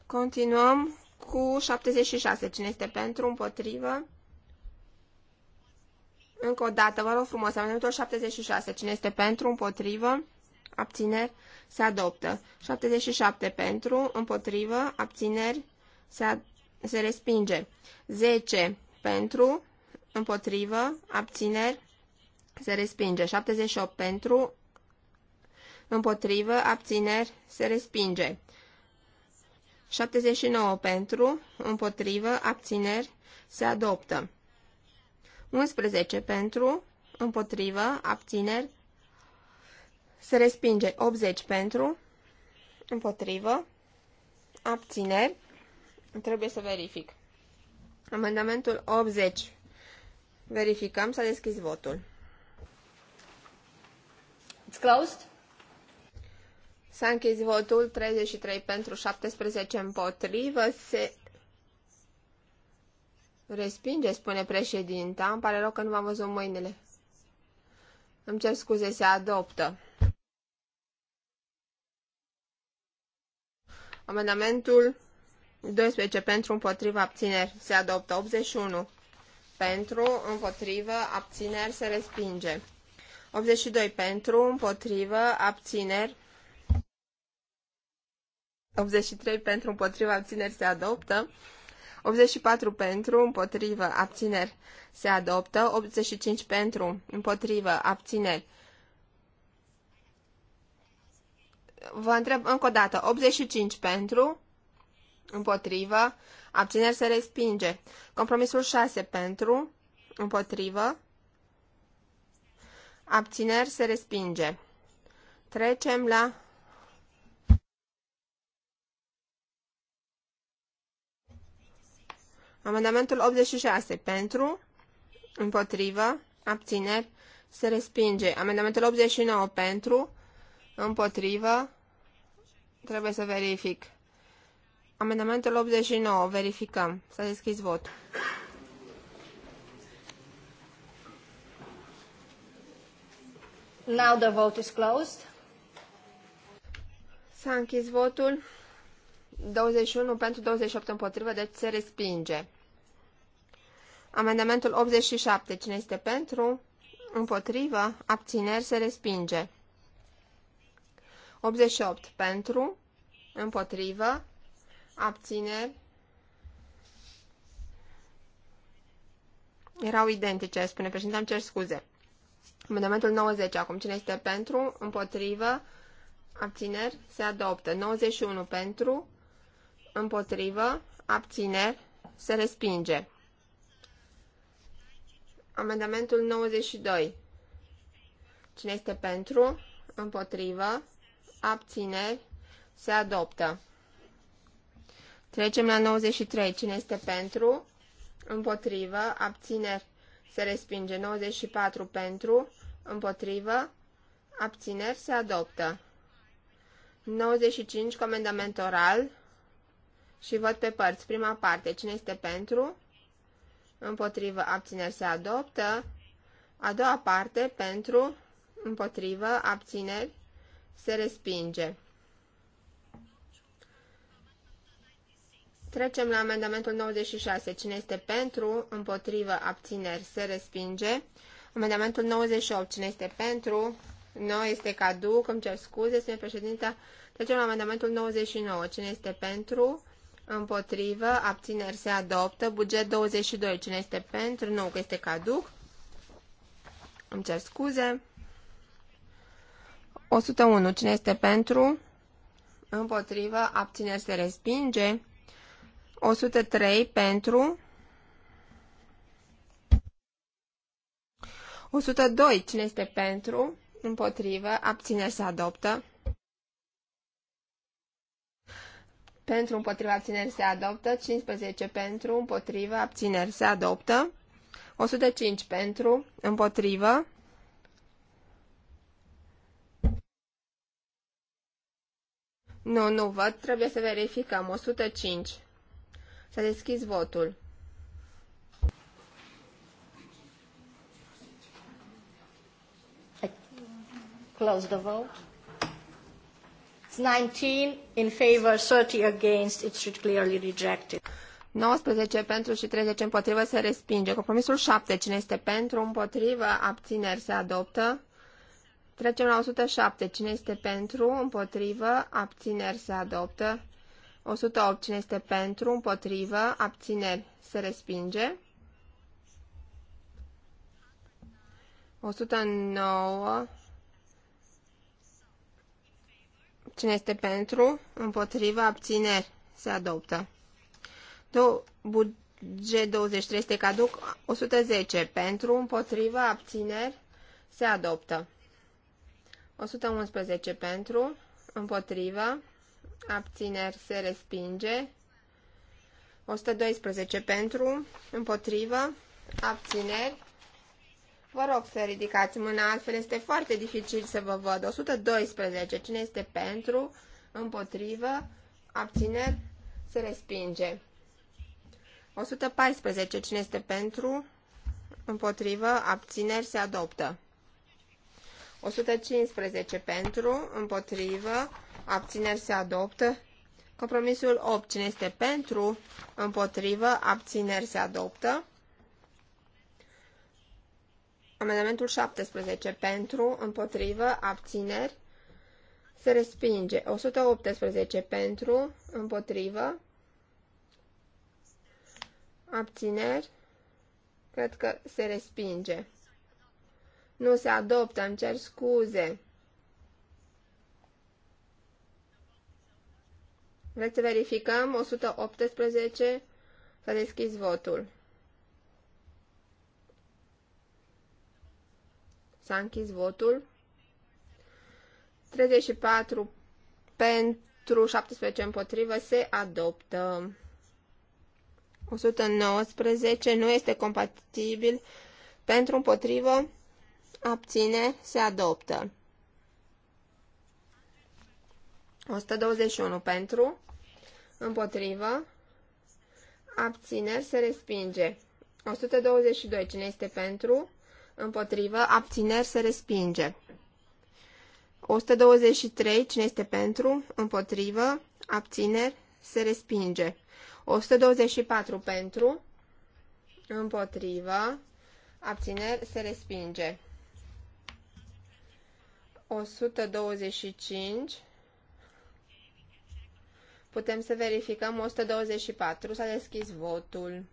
Continuăm cu 76. Cine este pentru, împotrivă? Încă o dată, vă rog frumos, amendamentul 76. Cine este pentru, împotrivă? Abțineri? Se adoptă. 77 pentru, împotrivă, abțineri? Se, ad... se respinge. 10 pentru, împotrivă, abțineri? se respinge. 78 pentru, împotrivă, abțineri, se respinge. 79 pentru, împotrivă, abțineri, se adoptă. 11 pentru, împotrivă, abțineri, se respinge. 80 pentru, împotrivă, abțineri, trebuie să verific. Amendamentul 80. Verificăm, s-a deschis votul. It's closed. S-a închis votul 33 pentru 17 împotrivă. Se respinge, spune președinta. Îmi pare rău că nu v-am văzut mâinile. Îmi cer scuze, se adoptă. Amendamentul 12 pentru împotrivă abțineri se adoptă. 81 pentru împotrivă abțineri se respinge. 82 pentru, împotrivă, abțineri. 83 pentru, împotrivă, abțineri se adoptă. 84 pentru, împotrivă, abțineri se adoptă. 85 pentru, împotrivă, abțineri. Vă întreb încă o dată, 85 pentru, împotrivă, abțineri se respinge. Compromisul 6 pentru, împotrivă, abțineri se respinge. Trecem la amendamentul 86 pentru, împotrivă, abțineri se respinge. Amendamentul 89 pentru, împotrivă, trebuie să verific. Amendamentul 89, verificăm. S-a deschis votul. Now the vote is closed. S-a închis votul. 21 pentru 28 împotrivă, deci se respinge. Amendamentul 87. Cine este pentru? Împotrivă? Abțineri? Se respinge. 88. Pentru? Împotrivă? Abțineri? Erau identice, spune președinte, am cer scuze. Amendamentul 90 acum. Cine este pentru? Împotrivă? Abțineri? Se adoptă. 91 pentru? Împotrivă? Abțineri? Se respinge. Amendamentul 92. Cine este pentru? Împotrivă? Abțineri? Se adoptă. Trecem la 93. Cine este pentru? Împotrivă? Abțineri? se respinge. 94 pentru, împotrivă, abțineri, se adoptă. 95 comandament oral și vot pe părți. Prima parte, cine este pentru? Împotrivă, abțineri, se adoptă. A doua parte, pentru, împotrivă, abțineri, se respinge. Trecem la amendamentul 96. Cine este pentru, împotrivă, abțineri, se respinge. Amendamentul 98. Cine este pentru, nu este caduc, îmi cer scuze, sunt președinte. Trecem la amendamentul 99. Cine este pentru, împotrivă, abțineri, se adoptă. Buget 22. Cine este pentru, nu, că este caduc. Îmi cer scuze. 101. Cine este pentru? Împotrivă, abțineri se respinge. 103 pentru. 102. Cine este pentru? Împotrivă. Abțineri se adoptă. Pentru împotriva abțineri se adoptă. 15 pentru împotrivă abțineri se adoptă. 105 pentru împotrivă. 9, Nu, nu văd. Trebuie să verificăm. 105. Să deschizi votul. Close the vote. It's 19 in favor, 30 against. It's clearly rejected. 19 pentru și 30 împotrivă se respinge. Compromisul 7. Cine este pentru, împotrivă, abțineri se adoptă. Trecem la 107. Cine este pentru, împotrivă, abțineri se adoptă. 108. Cine este pentru, împotrivă, abțineri, se respinge. 109. Cine este pentru, împotrivă, abțineri, se adoptă. Do Buget 23 este caduc, 110. Pentru, împotrivă, abțineri, se adoptă. 111 pentru, împotrivă, abțineri se respinge. 112 pentru, împotrivă, abțineri. Vă rog să ridicați mâna, altfel este foarte dificil să vă văd. 112. Cine este pentru, împotrivă, abțineri, se respinge. 114. Cine este pentru, împotrivă, abțineri, se adoptă. 115 pentru, împotrivă, abțineri se adoptă. Compromisul 8, cine este pentru, împotrivă, abțineri se adoptă. Amendamentul 17, pentru, împotrivă, abțineri se respinge. 118 pentru, împotrivă, abțineri, cred că se respinge. Nu se adoptă, îmi cer scuze. Vreți să verificăm? 118. S-a deschis votul. S-a închis votul. 34 pentru, 17 împotrivă, se adoptă. 119 nu este compatibil, pentru împotrivă, abține, se adoptă. 121 pentru, împotrivă, abțineri, se respinge. 122. Cine este pentru, împotrivă, abțineri, se respinge. 123. Cine este pentru, împotrivă, abțineri, se respinge. 124 pentru, împotrivă, abțineri, se respinge. 125 Putem să verificăm 124. S-a deschis votul.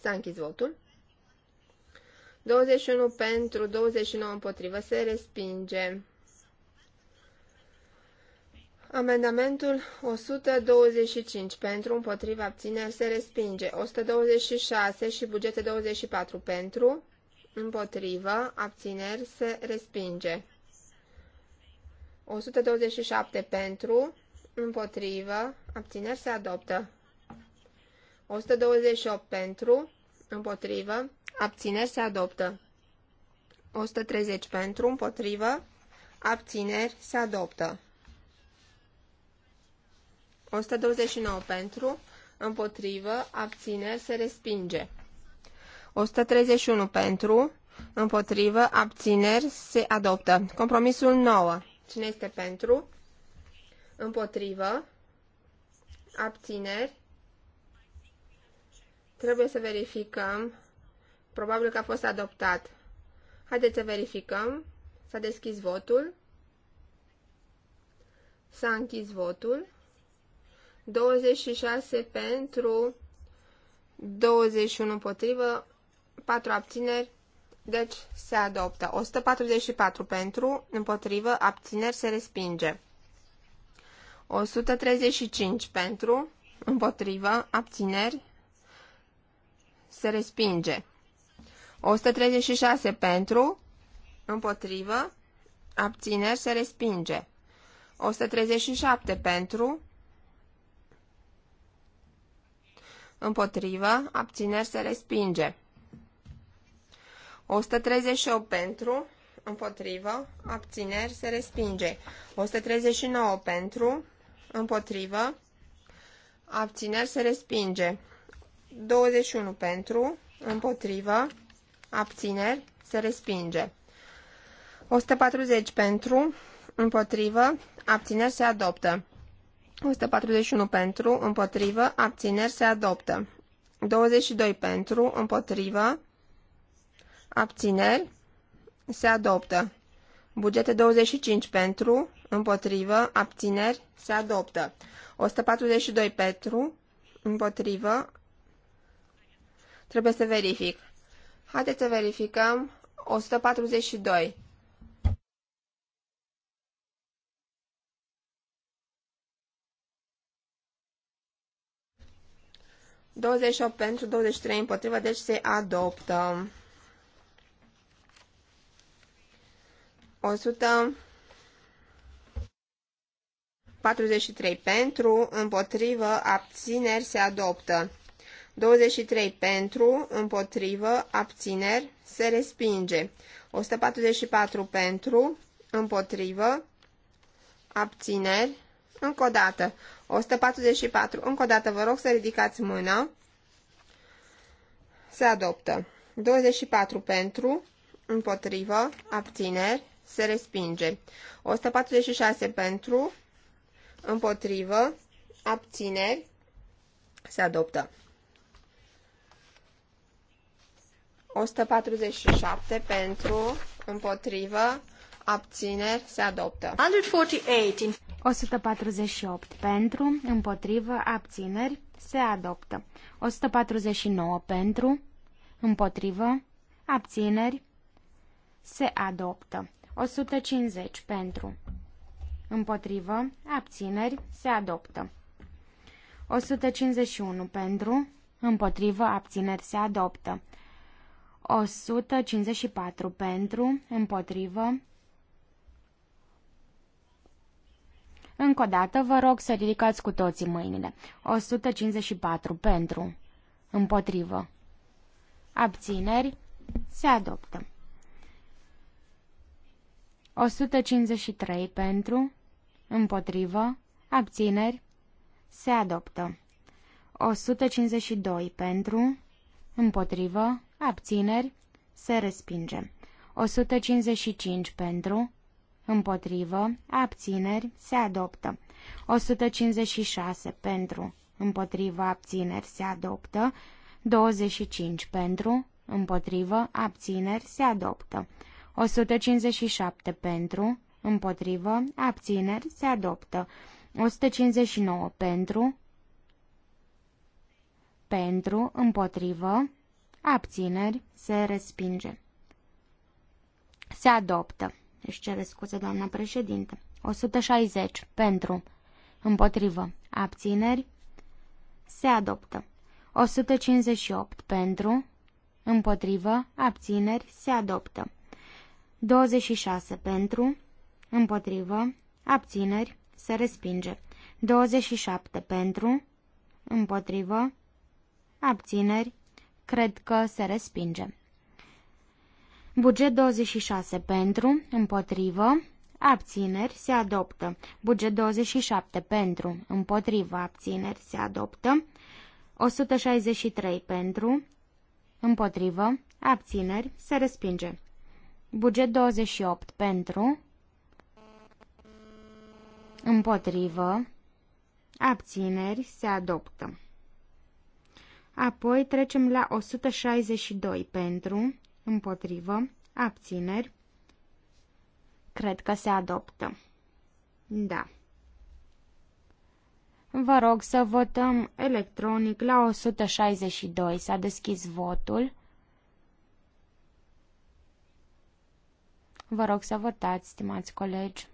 S-a închis votul. 21 pentru, 29 împotrivă. Se respinge. Amendamentul 125 pentru, împotriva abțineri se respinge. 126 și bugete 24 pentru, împotrivă, abțineri, se respinge. 127 pentru, împotrivă, abțineri, se adoptă. 128 pentru, împotrivă, abțineri, se adoptă. 130 pentru, împotrivă, abțineri, se adoptă. 129 pentru, împotrivă, abțineri, se respinge. 131 pentru, împotrivă, abțineri, se adoptă. Compromisul 9. Cine este pentru? Împotrivă, abțineri. Trebuie să verificăm. Probabil că a fost adoptat. Haideți să verificăm. S-a deschis votul. S-a închis votul. 26 pentru, 21 împotrivă, 4 abțineri, deci se adoptă. 144 pentru, împotrivă, abțineri, se respinge. 135 pentru, împotrivă, abțineri, se respinge. 136 pentru, împotrivă, abțineri, se respinge. 137 pentru, împotrivă, abțineri, se respinge. 138 pentru, împotrivă, abțineri, se respinge. 139 pentru, împotrivă, abțineri, se respinge. 21 pentru, împotrivă, abțineri, se respinge. 140 pentru, împotrivă, abțineri, se adoptă. 141 pentru, împotrivă, abțineri, se adoptă. 22 pentru, împotrivă, abțineri, se adoptă. Bugete 25 pentru, împotrivă, abțineri, se adoptă. 142 pentru, împotrivă, trebuie să verific. Haideți să verificăm 142. Douăzeci opt pentru, 23 împotrivă, deci se adoptă. 143 pentru, împotrivă, abțineri se adoptă. 23 pentru, împotrivă, abțineri se respinge. 144 pentru, împotrivă, abțineri, încă o dată. 144, încă o dată vă rog să ridicați mâna. Se adoptă. 24 pentru, împotrivă, abțineri, se respinge. 146 pentru, împotrivă, abțineri, se adoptă. 147 pentru, împotrivă, abțineri, se adoptă. 148, pentru, împotrivă, abțineri, se adoptă. 149 pentru, împotrivă, abțineri, se adoptă. 150 pentru. Împotrivă, abțineri, se adoptă. 151 pentru, împotrivă, abțineri, se adoptă. 154 pentru, împotrivă. Încă o dată vă rog să ridicați cu toții mâinile. 154 pentru, împotrivă. Abțineri, se adoptă. 153 pentru, împotrivă, abțineri, se adoptă. 152 pentru, împotrivă, abțineri, se respinge. 155 pentru, împotrivă, abțineri, se adoptă. 156 pentru, împotrivă, abțineri, se adoptă. 25 pentru, împotrivă, abțineri, se adoptă. 157 pentru, împotrivă, abțineri, se adoptă. 159 pentru, pentru, împotrivă, abțineri, se respinge. Se adoptă. Își cere scuze, doamna președinte. 160 pentru, împotrivă, abțineri, se adoptă. 158 pentru, împotrivă, abțineri, se adoptă. 26 pentru, împotrivă, abțineri, se respinge. 27 pentru, împotrivă, abțineri, cred că se respinge. Buget 26 pentru, împotrivă, abțineri, se adoptă. Buget 27 pentru, împotrivă, abțineri, se adoptă. 163 pentru, împotrivă, abțineri, se respinge. Buget 28 pentru, împotrivă, abțineri se adoptă. Apoi trecem la 162 pentru, împotrivă, abțineri, cred că se adoptă. Da. Vă rog să votăm electronic la 162. S-a deschis votul. Vă rog să votați, stimați colegi.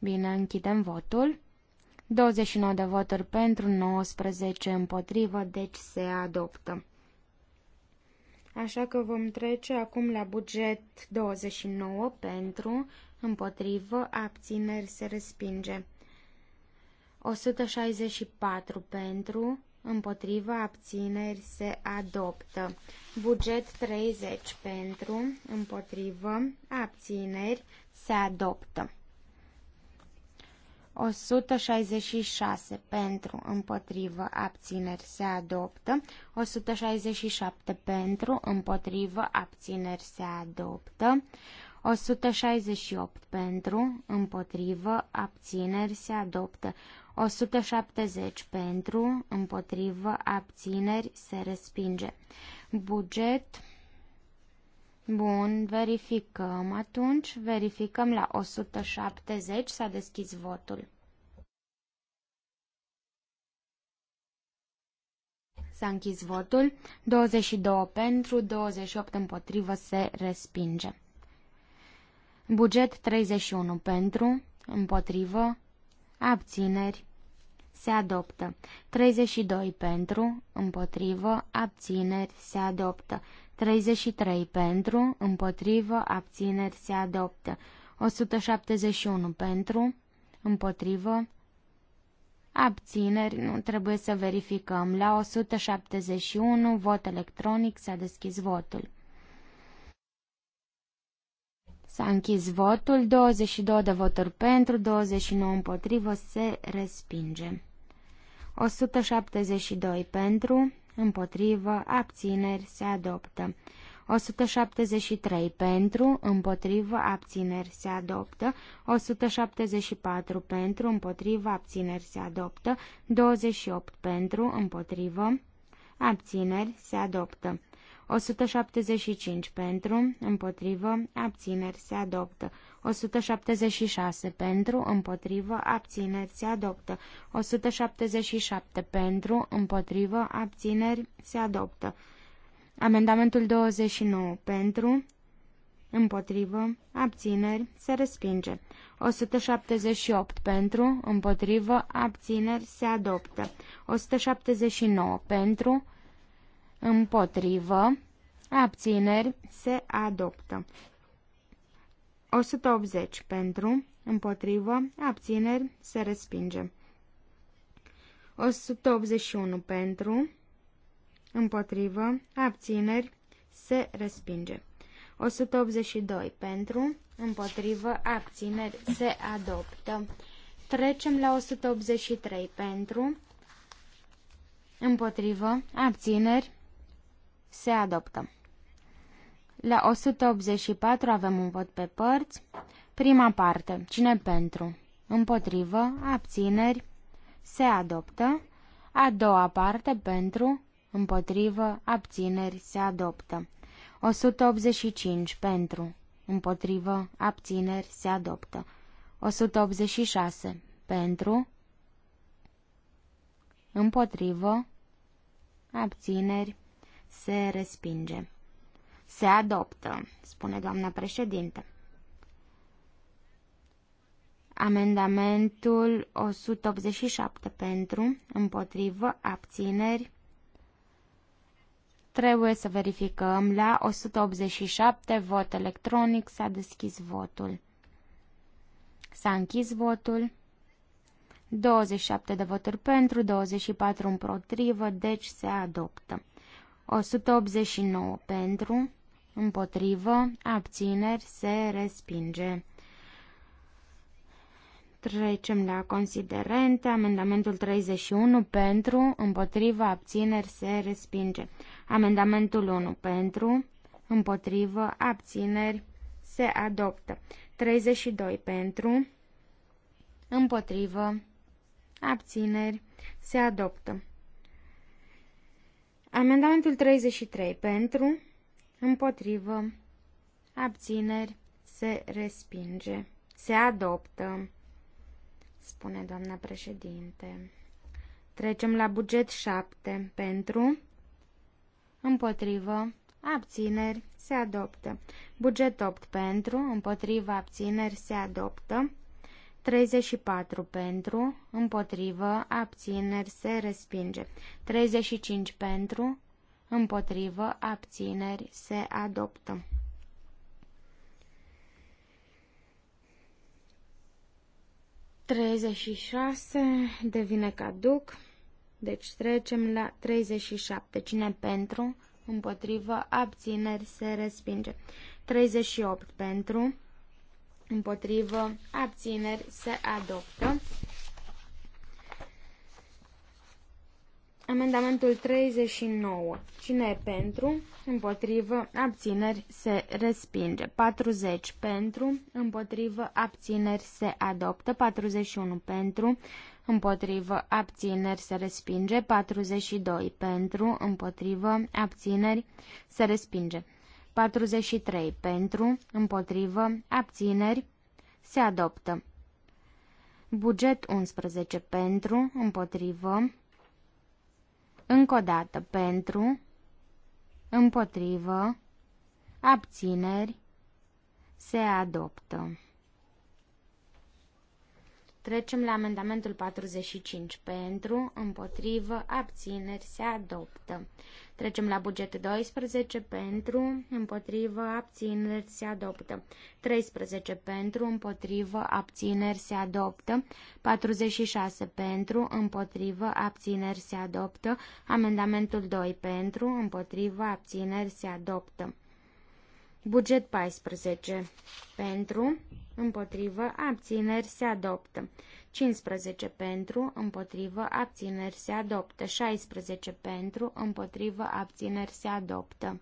Bine, închidem votul. 29 de voturi pentru, 19 împotrivă, deci se adoptă. Așa că vom trece acum la buget 29 pentru, împotrivă, abțineri se respinge. 164 pentru, împotriva abțineri, se adoptă. Buget 30 pentru, împotrivă, abțineri, se adoptă. 166 pentru, împotrivă, abțineri, se adoptă. 167 pentru, împotrivă, abțineri, se adoptă. 168 pentru, împotrivă, abțineri se adoptă. 170 pentru, împotrivă, abțineri, se respinge. Buget. Bun, verificăm atunci. Verificăm la 170 s-a deschis votul. S-a închis votul. 22 pentru, 28 împotrivă se respinge. Buget 31 pentru, împotrivă, Abțineri. Se adoptă. 32 pentru, împotrivă, abțineri, se adoptă. 33 pentru, împotrivă, abțineri, se adoptă. 171 pentru, împotrivă, abțineri, nu trebuie să verificăm. La 171, vot electronic, s-a deschis votul. S-a închis votul, 22 de voturi pentru, 29 împotrivă, se respinge. 172 pentru, împotrivă, abțineri, se adoptă. 173 pentru, împotrivă, abțineri se adoptă, 174 pentru, împotrivă, abțineri se adoptă, 28 pentru, împotrivă, abțineri se adoptă. 175 pentru, împotrivă, abțineri se adoptă. 176 pentru, împotrivă, abțineri se adoptă. 177 pentru, împotrivă, abțineri se adoptă. Amendamentul 29 pentru, împotrivă, abțineri, se respinge. 178 pentru, împotrivă, abțineri, se adoptă. 179 pentru, împotrivă, abțineri, se adoptă. 180 pentru, împotrivă, abțineri, se respinge. 181 pentru, împotrivă, abțineri, se respinge. 182 pentru, împotrivă, abțineri, se adoptă. Trecem la 183 pentru, împotrivă, abțineri, se adoptă. La 184 avem un vot pe părți. Prima parte. Cine pentru? Împotrivă. Abțineri. Se adoptă. A doua parte. Pentru. Împotrivă. Abțineri. Se adoptă. 185. Pentru. Împotrivă. Abțineri. Se adoptă. 186. Pentru. Împotrivă. Abțineri. Se respinge. Se adoptă, spune doamna președinte. Amendamentul 187 pentru, împotrivă, abțineri. Trebuie să verificăm. La 187 vot electronic s-a deschis votul. S-a închis votul. 27 de voturi pentru, 24 împotrivă, deci se adoptă. 189 pentru, împotrivă, abțineri, se respinge. Trecem la considerente. Amendamentul 31 pentru, împotrivă, abțineri, se respinge. Amendamentul 1 pentru, împotrivă, abțineri, se adoptă. 32 pentru, împotrivă, abțineri, se adoptă. Amendamentul 33 pentru, împotrivă, abțineri, se respinge, se adoptă, spune doamna președinte. Trecem la buget 7 pentru, împotrivă, abțineri, se adoptă. Buget 8 pentru, împotrivă, abțineri, se adoptă. 34 pentru, împotrivă, abțineri, se respinge. 35 pentru, împotrivă, abțineri, se adoptă. Treizeci și șase devine caduc, deci trecem la 37. Cine pentru, împotrivă, abțineri, se respinge. 38 pentru, împotrivă, abțineri, se adoptă. Amendamentul 39. Cine e pentru? Împotrivă, abțineri, se respinge. 40 pentru, împotrivă, abțineri, se adoptă. 41 pentru, împotrivă, abțineri, se respinge. 42 pentru, împotrivă, abțineri, se respinge. 43 pentru, împotrivă, abțineri, se adoptă. Buget 11 pentru, împotrivă, încă o dată pentru, împotrivă, abțineri, se adoptă. Trecem la amendamentul 45. Pentru, împotrivă, abțineri, se adoptă. Trecem la bugetul 12. Pentru, împotrivă, abțineri, se adoptă. 13. Pentru, împotrivă, abțineri, se adoptă. 46. Pentru, împotrivă, abțineri, se adoptă. Amendamentul 2. Pentru, împotrivă, abțineri, se adoptă. Buget 14. Pentru, împotrivă, abțineri se adoptă. 15 pentru, împotrivă, abțineri se adoptă. 16 pentru, împotrivă, abțineri se adoptă.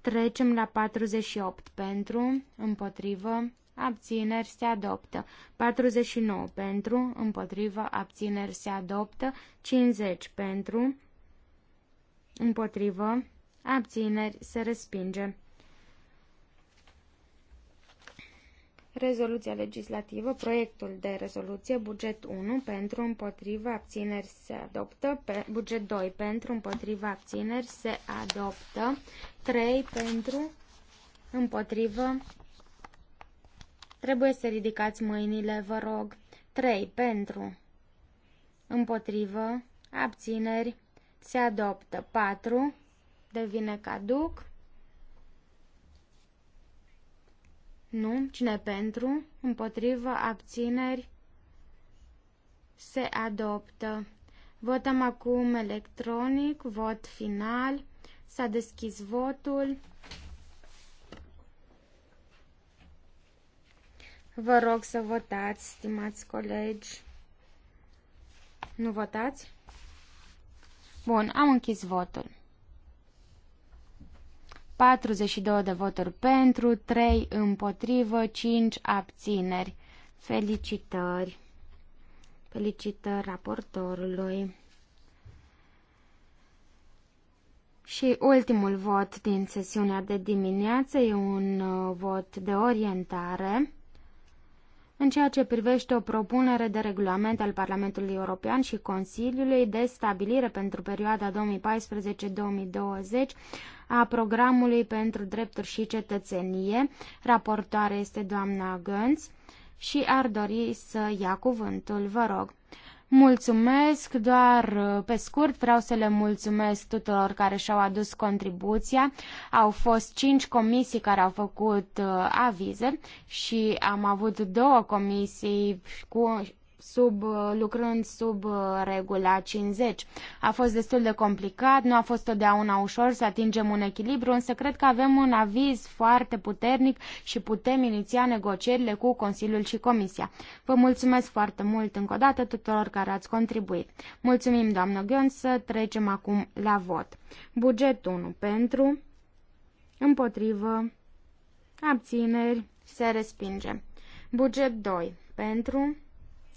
Trecem la 48 pentru, împotrivă, abțineri se adoptă. 49 pentru, împotrivă, abțineri se adoptă. 50 pentru, împotrivă, abțineri se respinge. Rezoluția legislativă, proiectul de rezoluție, buget 1 pentru împotriva abțineri se adoptă, pe, buget 2 pentru împotriva abțineri se adoptă, 3 pentru împotrivă. Trebuie să ridicați mâinile, vă rog. 3 pentru împotrivă, abțineri se adoptă, 4 devine caduc, Nu. Cine pentru? Împotrivă. Abțineri. Se adoptă. Votăm acum electronic. Vot final. S-a deschis votul. Vă rog să votați, stimați colegi. Nu votați? Bun, am închis votul. 42 de voturi pentru, 3 împotrivă, 5 abțineri. Felicitări! Felicitări raportorului! Și ultimul vot din sesiunea de dimineață e un uh, vot de orientare în ceea ce privește o propunere de regulament al Parlamentului European și Consiliului de stabilire pentru perioada 2014-2020 a programului pentru drepturi și cetățenie. Raportoare este doamna Gânț și ar dori să ia cuvântul. Vă rog. Mulțumesc, doar uh, pe scurt vreau să le mulțumesc tuturor care și-au adus contribuția. Au fost cinci comisii care au făcut uh, avize și am avut două comisii cu sub, uh, lucrând sub uh, regula 50. A fost destul de complicat, nu a fost totdeauna ușor să atingem un echilibru, însă cred că avem un aviz foarte puternic și putem iniția negocierile cu Consiliul și Comisia. Vă mulțumesc foarte mult încă o dată tuturor care ați contribuit. Mulțumim, doamnă Ghion, să trecem acum la vot. Buget 1 pentru, împotrivă, abțineri, se respinge. Buget 2 pentru,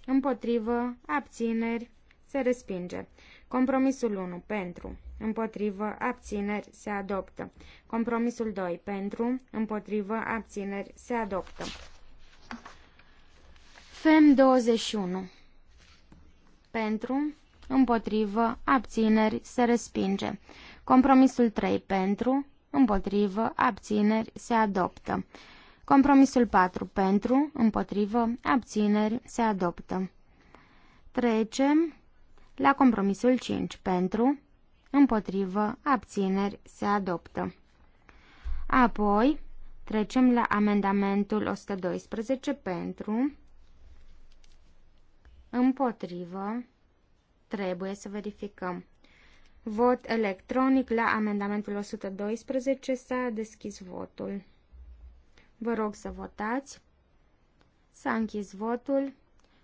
împotrivă, abțineri, se respinge. Compromisul 1, pentru, împotrivă, abțineri, se adoptă. Compromisul 2, pentru, împotrivă, abțineri, se adoptă. FEM 21, pentru, împotrivă, abțineri, se respinge. Compromisul 3, pentru, împotrivă, abțineri, se adoptă. Compromisul 4 pentru, împotrivă, abțineri, se adoptă. Trecem la compromisul 5 pentru, împotrivă, abțineri, se adoptă. Apoi trecem la amendamentul 112 pentru, împotrivă, trebuie să verificăm. Vot electronic la amendamentul 112 s-a deschis votul. Vă rog să votați. S-a închis votul.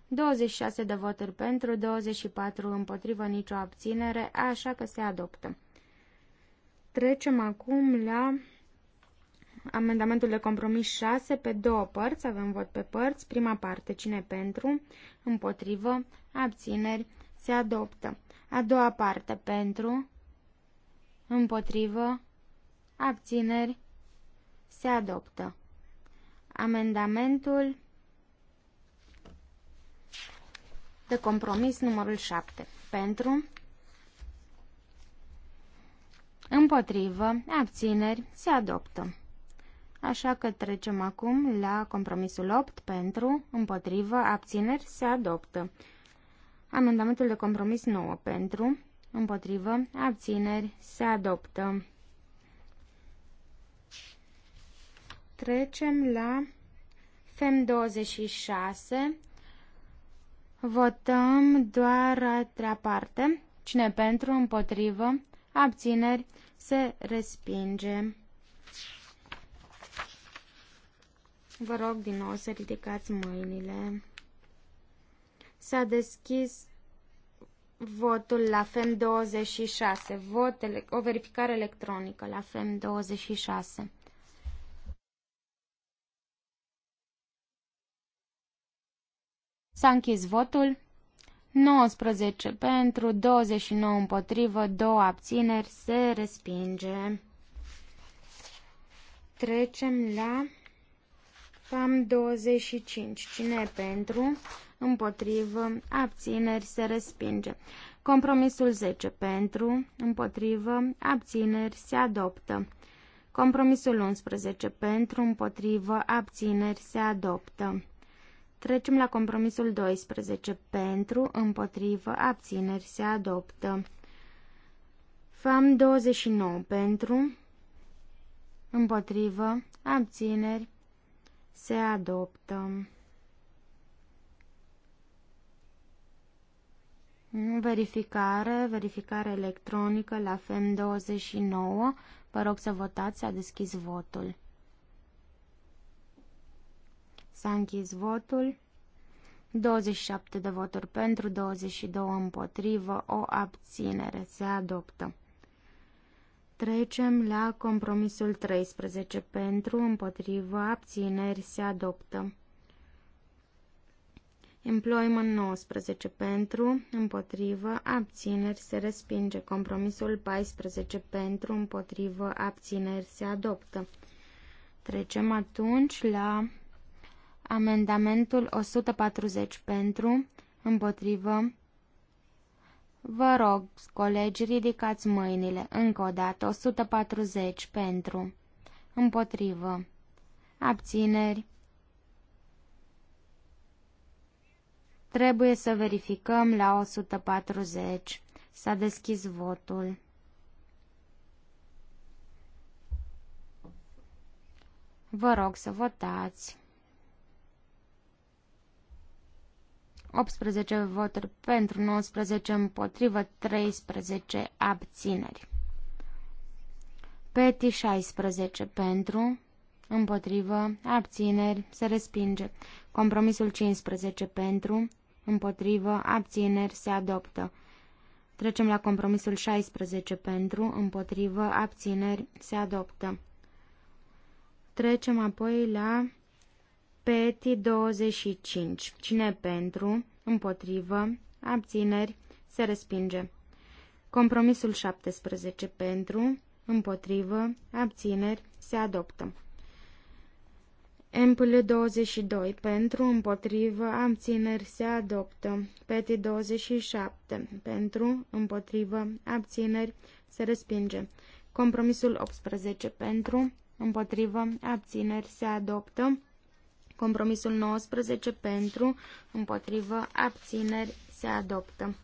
26 de voturi pentru, 24 împotrivă, nicio abținere, așa că se adoptă. Trecem acum la amendamentul de compromis 6 pe două părți. Avem vot pe părți. Prima parte, cine pentru, împotrivă, abțineri, se adoptă. A doua parte, pentru, împotrivă, abțineri, se adoptă. Amendamentul de compromis numărul 7. Pentru, împotrivă, abțineri, se adoptă. Așa că trecem acum la compromisul 8 pentru, împotrivă, abțineri, se adoptă. Amendamentul de compromis 9 pentru, împotrivă, abțineri, se adoptă. Trecem la FEM 26. Votăm doar a treia parte. Cine pentru, împotrivă, abțineri, se respinge. Vă rog din nou să ridicați mâinile. S-a deschis votul la FEM 26, vot, o verificare electronică la FEM 26. S-a închis votul. 19 pentru, 29 împotrivă, 2 abțineri, se respinge. Trecem la PAM 25. Cine e pentru? Împotrivă, abțineri, se respinge. Compromisul 10 pentru, împotrivă, abțineri, se adoptă. Compromisul 11 pentru, împotrivă, abțineri, se adoptă. Trecem la compromisul 12. Pentru, împotrivă, abțineri se adoptă. FAM 29. Pentru, împotrivă, abțineri se adoptă. Verificare, verificare electronică la FEM 29. Vă rog să votați, a deschis votul. S-a închis votul. 27 de voturi pentru, 22 împotrivă, o abținere. Se adoptă. Trecem la compromisul 13. Pentru, împotrivă, abțineri se adoptă. Employment 19. Pentru, împotrivă, abțineri se respinge. Compromisul 14. Pentru, împotrivă, abțineri se adoptă. Trecem atunci la Amendamentul 140 pentru, împotrivă. Vă rog, colegi, ridicați mâinile. Încă o dată, 140 pentru, împotrivă. Abțineri. Trebuie să verificăm la 140. S-a deschis votul. Vă rog să votați. 18 voturi pentru, 19 împotrivă, 13 abțineri. Peti 16 pentru, împotrivă, abțineri, se respinge. Compromisul 15 pentru, împotrivă, abțineri, se adoptă. Trecem la compromisul 16 pentru, împotrivă, abțineri, se adoptă. Trecem apoi la Peti 25. Cine pentru, împotrivă, abțineri, se respinge. Compromisul 17 pentru, împotrivă, abțineri, se adoptă. Empl 22 pentru, împotrivă, abțineri, se adoptă. Peti 27 pentru, împotrivă, abțineri, se respinge. Compromisul 18 pentru, împotrivă, abțineri, se adoptă. Compromisul 19 pentru, împotrivă, abțineri se adoptă.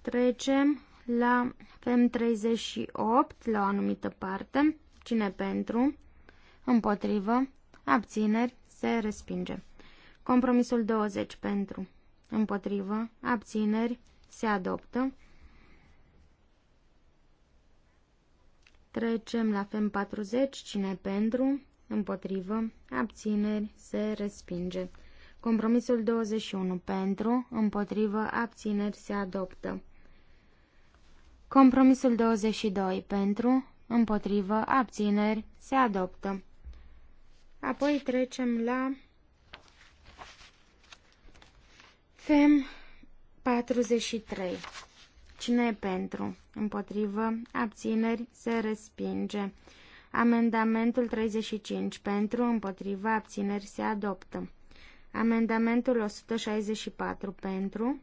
Trecem la FEM 38, la o anumită parte. Cine pentru? Împotrivă, abțineri se respinge. Compromisul 20 pentru, împotrivă, abțineri se adoptă. Trecem la FEM 40, cine pentru, împotrivă, abțineri, se respinge. Compromisul 21 pentru, împotrivă, abțineri, se adoptă. Compromisul 22 pentru, împotrivă, abțineri, se adoptă. Apoi trecem la FEM 43. Cine e pentru? Împotrivă, abțineri, se respinge. Amendamentul 35 pentru, împotriva abțineri se adoptă. Amendamentul 164 pentru,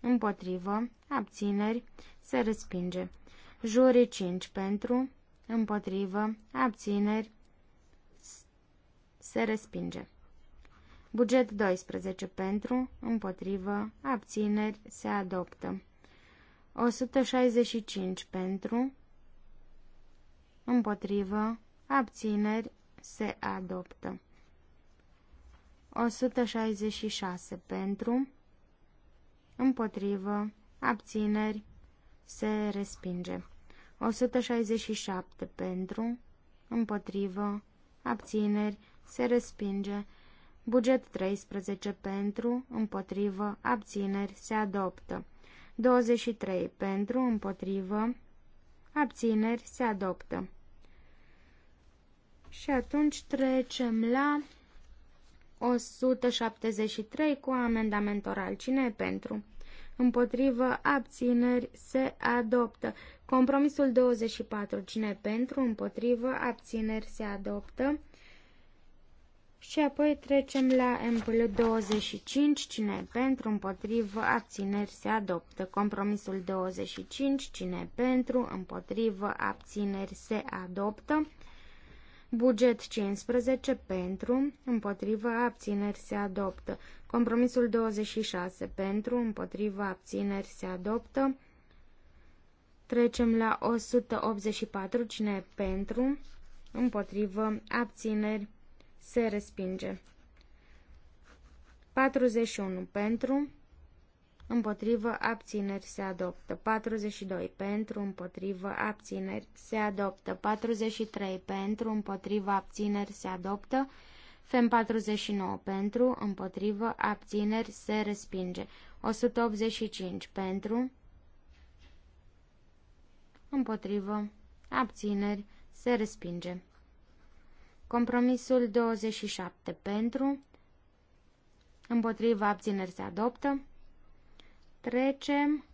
împotrivă, abțineri se respinge. Jurii 5 pentru, împotrivă, abțineri se respinge. Buget 12 pentru, împotrivă, abțineri se adoptă. 165 pentru, împotrivă, abțineri, se adoptă. 166 pentru, împotrivă, abțineri, se respinge. 167 pentru, împotrivă, abțineri, se respinge. Buget 13 pentru, împotrivă, abțineri, se adoptă. 23 pentru, împotrivă, abțineri, se adoptă. Și atunci trecem la 173 cu amendament oral. Cine e pentru? Împotrivă abțineri se adoptă. Compromisul 24. Cine e pentru? Împotrivă abțineri se adoptă. Și apoi trecem la MPL 25, cine e pentru, împotrivă, abțineri se adoptă. Compromisul 25, cine e pentru, împotrivă, abțineri se adoptă. Buget 15 pentru, împotrivă, abțineri se adoptă. Compromisul 26 pentru, împotrivă, abțineri se adoptă. Trecem la 184, cine pentru, împotrivă, abțineri se respinge. 41 pentru, împotrivă, abțineri, se adoptă. 42 pentru, împotrivă, abțineri, se adoptă. 43 pentru, împotrivă, abțineri, se adoptă. FEM 49 pentru, împotrivă, abțineri, se respinge. 185 pentru, împotrivă, abțineri, se respinge. Compromisul 27 pentru, împotrivă, abțineri, se adoptă. Trecem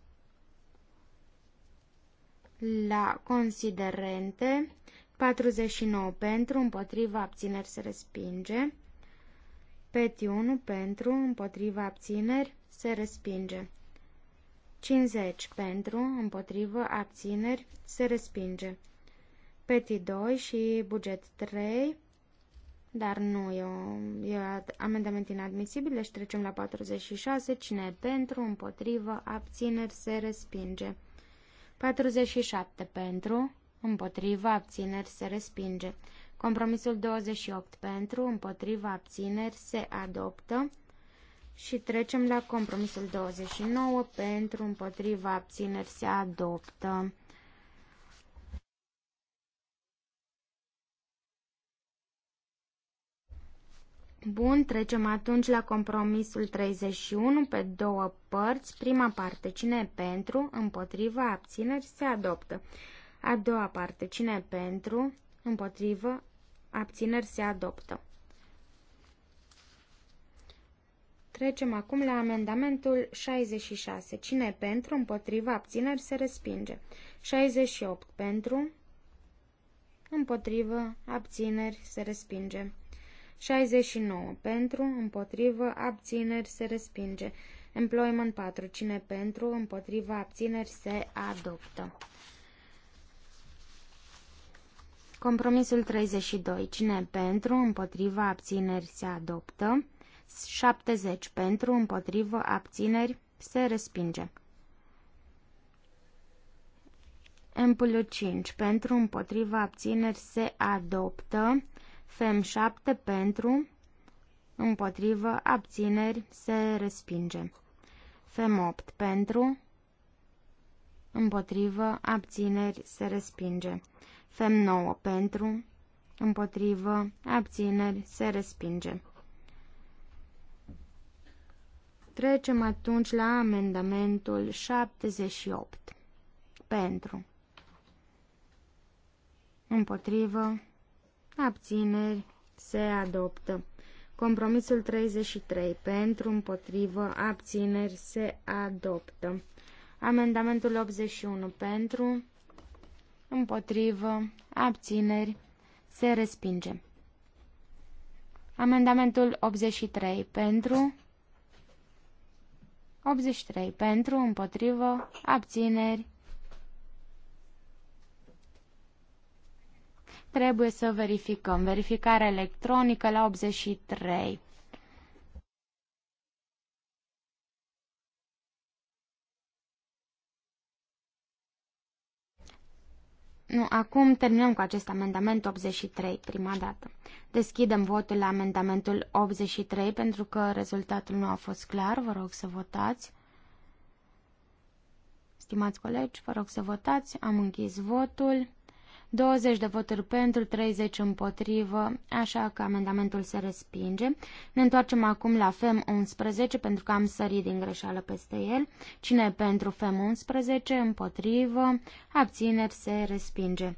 la considerente. 49 pentru, împotriva abțineri se respinge. Peti 1 pentru, împotriva abțineri se respinge. 50 pentru, împotriva abțineri, se respinge. Peti 2 și buget 3 dar nu, e, o, e amendament inadmisibil, deci trecem la 46, cine e pentru, împotrivă, abțineri, se respinge. 47 pentru, împotrivă, abțineri, se respinge. Compromisul 28 pentru, împotrivă, abțineri, se adoptă. Și trecem la compromisul 29 pentru, împotrivă, abțineri, se adoptă. Bun, trecem atunci la compromisul 31 pe două părți. Prima parte, cine e pentru, împotrivă, abțineri, se adoptă. A doua parte, cine e pentru, împotrivă, abțineri, se adoptă. Trecem acum la amendamentul 66. Cine e pentru, împotrivă, abțineri, se respinge. 68 pentru, împotrivă, abțineri, se respinge. 69. Pentru, împotrivă, abțineri se respinge. Employment 4. Cine pentru, împotrivă, abțineri se adoptă. Compromisul 32. Cine pentru, împotrivă, abțineri se adoptă. 70. Pentru, împotrivă, abțineri se respinge. Împulul 5. Pentru, împotrivă, abțineri se adoptă. FEM 7 pentru, împotrivă, abțineri, se respinge. FEM 8 pentru, împotrivă, abțineri, se respinge. FEM 9 pentru, împotrivă, abțineri, se respinge. Trecem atunci la amendamentul 78. Pentru. Împotrivă, Abțineri. Se adoptă. Compromisul 33. Pentru, împotrivă, abțineri. Se adoptă. Amendamentul 81. Pentru, împotrivă, abțineri. Se respinge. Amendamentul 83. Pentru, 83. Pentru, împotrivă, abțineri. Trebuie să verificăm. Verificare electronică la 83. Nu, acum terminăm cu acest amendament 83, prima dată. Deschidem votul la amendamentul 83 pentru că rezultatul nu a fost clar. Vă rog să votați. Stimați colegi, vă rog să votați. Am închis votul. 20 de voturi pentru, 30 împotrivă, așa că amendamentul se respinge. Ne întoarcem acum la FEM 11 pentru că am sărit din greșeală peste el. Cine pentru FEM 11? Împotrivă, abțineri se respinge.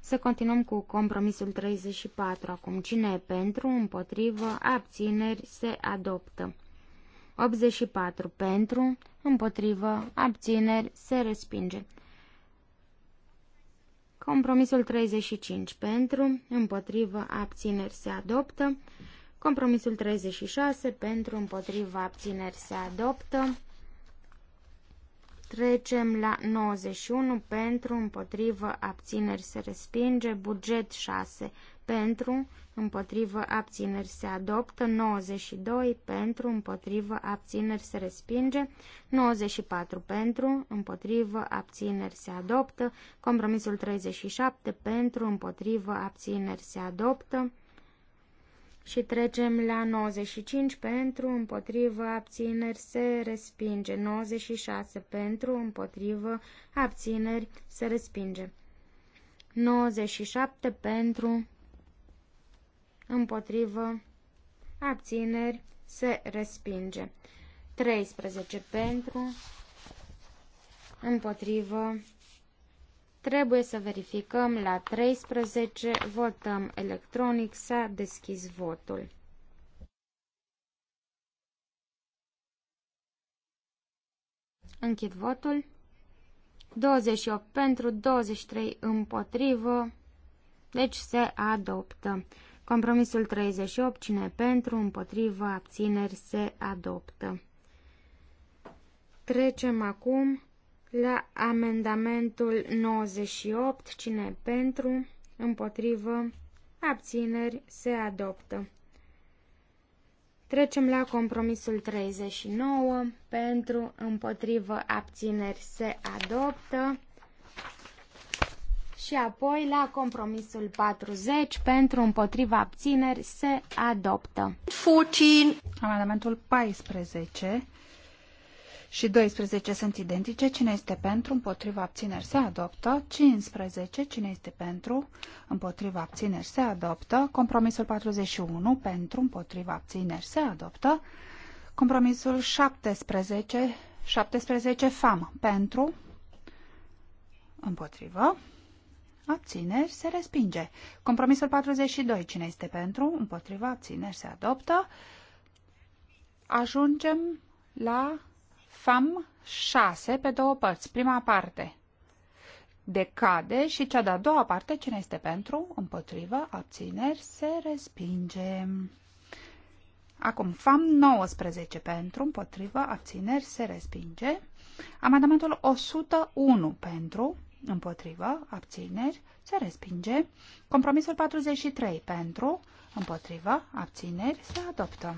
Să continuăm cu compromisul 34. Acum cine e pentru, împotrivă, abțineri se adoptă. 84 pentru, împotrivă, abțineri se respinge. Compromisul 35 pentru, împotrivă, abțineri se adoptă. Compromisul 36 pentru, împotrivă, abțineri se adoptă. Trecem la 91 pentru, împotrivă, abțineri se respinge. Buget 6 pentru, împotrivă abțineri se adoptă, 92 pentru, împotrivă abțineri se respinge, 94 pentru, împotrivă abțineri se adoptă, compromisul 37 pentru, împotrivă abțineri se adoptă. Și trecem la 95 pentru, împotrivă, abțineri, se respinge. 96 pentru, împotrivă, abțineri, se respinge. 97 pentru, împotrivă, abțineri, se respinge. 13 pentru, împotrivă, trebuie să verificăm la 13, votăm electronic, s-a deschis votul. Închid votul. 28 pentru, 23 împotrivă, deci se adoptă. Compromisul 38, cine pentru, împotrivă, abțineri, se adoptă. Trecem acum la amendamentul 98, cine pentru, împotrivă, abțineri, se adoptă. Trecem la compromisul 39, pentru, împotrivă, abțineri, se adoptă. Și apoi la compromisul 40 pentru împotriva abțineri se adoptă. 14. Amendamentul 14 și 12 sunt identice. Cine este pentru, împotriva abțineri se adoptă. 15. Cine este pentru, împotriva abțineri se adoptă. Compromisul 41 pentru, împotriva abțineri se adoptă. Compromisul 17, 17 FAM pentru, împotrivă, abțineri, se respinge. Compromisul 42, cine este pentru, împotriva, abțineri, se adoptă. Ajungem la FAM 6 pe două părți. Prima parte decade și cea de-a doua parte, cine este pentru, împotriva, abțineri, se respinge. Acum, FAM 19 pentru, împotriva, abțineri, se respinge. Amendamentul 101 pentru, împotrivă, abțineri, se respinge. Compromisul 43 pentru, împotrivă, abțineri, se adoptă.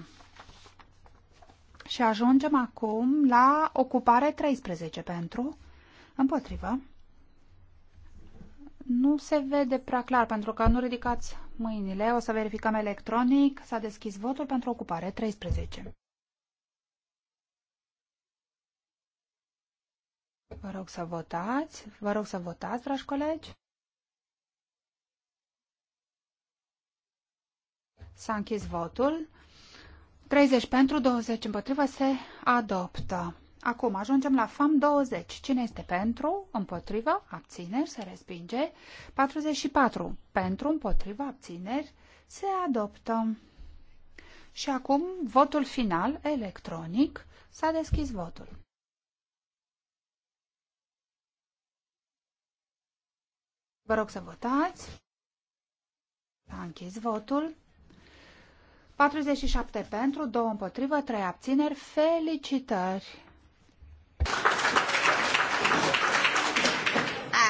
Și ajungem acum la ocupare 13 pentru, împotrivă. Nu se vede prea clar pentru că nu ridicați mâinile. O să verificăm electronic. S-a deschis votul pentru ocupare 13. Vă rog să votați. Vă rog să votați, dragi colegi. S-a închis votul. 30 pentru, 20 împotrivă, se adoptă. Acum ajungem la FAM 20. Cine este pentru, împotrivă, abțineri, se respinge. 44. Pentru, împotrivă, abțineri, se adoptă. Și acum votul final electronic. S-a deschis votul. Vă rog să votați. S-a închis votul. 47 pentru, 2 împotrivă, 3 abțineri. Felicitări!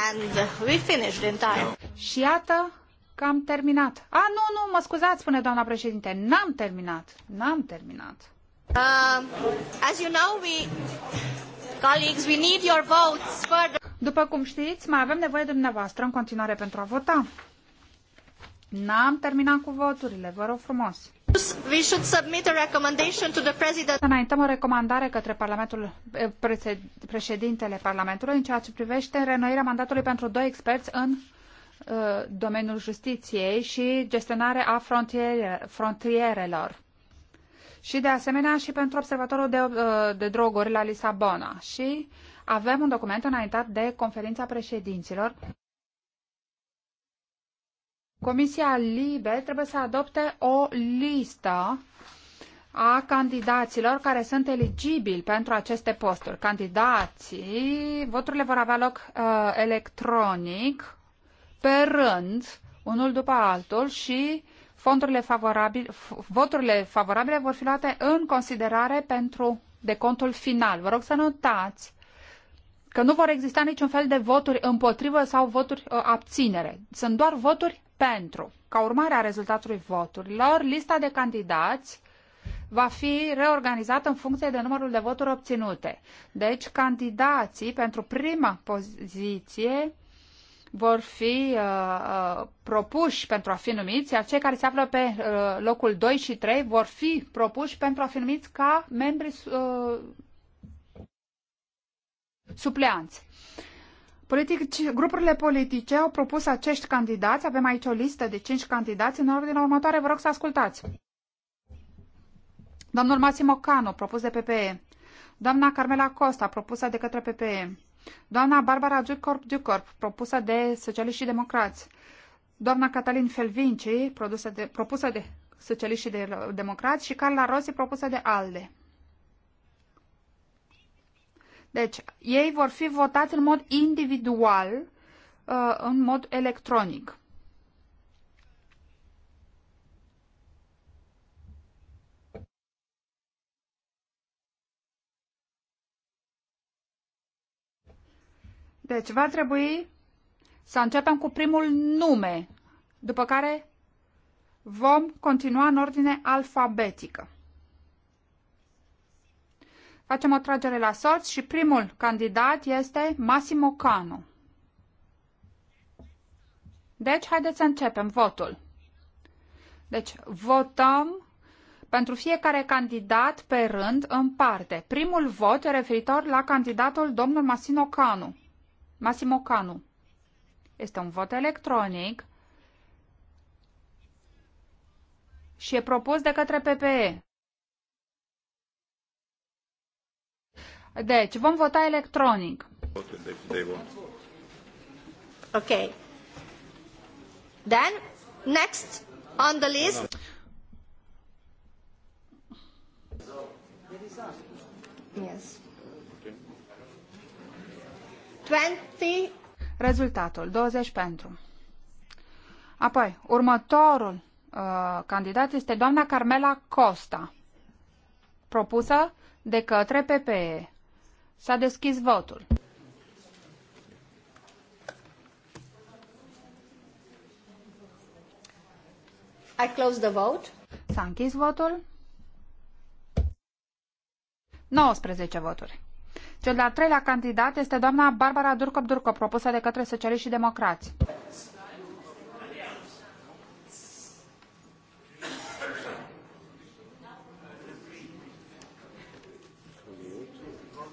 And we finished in time. Și iată că am terminat. A, nu, nu, mă scuzați, spune doamna președinte, n-am terminat, n-am terminat. Uh, as you know, we Colleagues, we need your votes După cum știți, mai avem nevoie de dumneavoastră în continuare pentru a vota. N-am terminat cu voturile, vă rog frumos. We should submit a recommendation to the president. Înaintăm o recomandare către Parlamentul, eh, președintele Parlamentului în ceea ce privește renoirea mandatului pentru doi experți în eh, domeniul justiției și gestionarea a frontierelor și de asemenea și pentru observatorul de, uh, de droguri la Lisabona. Și avem un document înaintat de conferința președinților. Comisia Libe trebuie să adopte o listă a candidaților care sunt eligibili pentru aceste posturi. Candidații, voturile vor avea loc uh, electronic, pe rând, unul după altul și fondurile favorabile, voturile favorabile vor fi luate în considerare pentru decontul final. Vă rog să notați că nu vor exista niciun fel de voturi împotrivă sau voturi uh, abținere. Sunt doar voturi pentru. Ca urmare a rezultatului voturilor, lista de candidați va fi reorganizată în funcție de numărul de voturi obținute. Deci, candidații pentru prima poziție vor fi uh, uh, propuși pentru a fi numiți, iar cei care se află pe uh, locul 2 și 3 vor fi propuși pentru a fi numiți ca membri uh, supleanți. Politici, grupurile politice au propus acești candidați. Avem aici o listă de 5 candidați. În ordinea următoare vă rog să ascultați. Domnul Massimo Cano, propus de PPE. Doamna Carmela Costa, propusă de către PPE doamna Barbara Ducorp Ducorp, propusă de Socialiști și Democrați, doamna Catalin Felvinci, de, propusă de Socialiști și de, Democrați și Carla Rossi, propusă de ALDE. Deci, ei vor fi votați în mod individual, uh, în mod electronic. Deci va trebui să începem cu primul nume, după care vom continua în ordine alfabetică. Facem o tragere la sorți și primul candidat este Massimo Cano. Deci, haideți să începem votul. Deci, votăm pentru fiecare candidat pe rând în parte. Primul vot referitor la candidatul domnul Massimo Cano. Massimo Canu. Este un vot electronic și e propus de către PPE. Deci, vom vota electronic. Ok. Then, next on the list. Yes. 20. Rezultatul, 20 pentru. Apoi, următorul uh, candidat este doamna Carmela Costa, propusă de către PPE. S-a deschis votul. I close the vote. S-a închis votul. 19 voturi. Cel de-al treilea candidat este doamna Barbara Durcop-Durcop, propusă de către socialiști și democrați.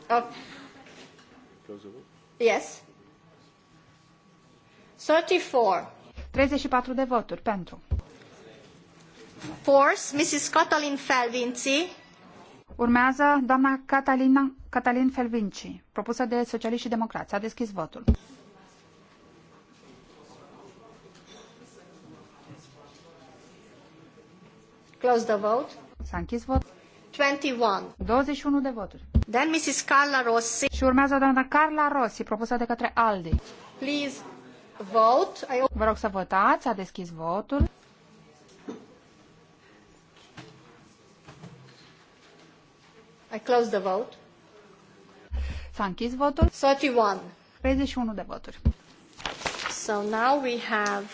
Oh. Yes. 34. 34 de voturi pentru. Force, Mrs. Catalin Felvinci. Urmează doamna Catalina, Catalin Felvinci, propusă de Socialiști și Democrați. A deschis votul. Close the vote. S-a închis vot. 21. 21 de voturi. Then Mrs. Carla Rossi. Și urmează doamna Carla Rossi, propusă de către Aldi. Please vote. I... Vă rog să votați. A deschis votul. I close the vote. S-a închis votul. 31. 31 de voturi. So now we have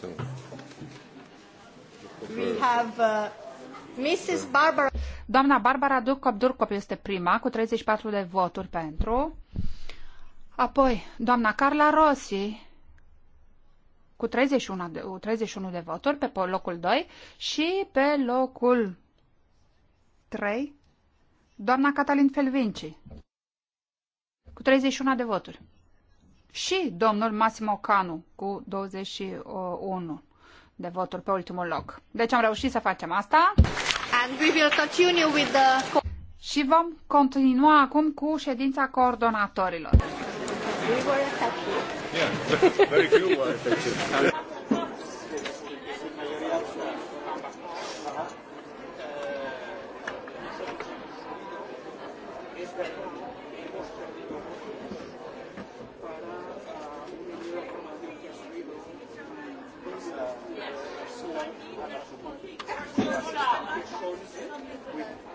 so. we have uh, Mrs. Barbara Doamna Barbara Ducop-Durcop este prima, cu 34 de voturi pentru. Apoi, doamna Carla Rossi, cu 31 de, 31 de voturi, pe locul 2. Și pe locul 3, Doamna Catalin Felvinci, cu 31 de voturi. Și domnul Massimo Canu, cu 21 de voturi pe ultimul loc. Deci am reușit să facem asta. And we will continue with the... Și vom continua acum cu ședința coordonatorilor. We were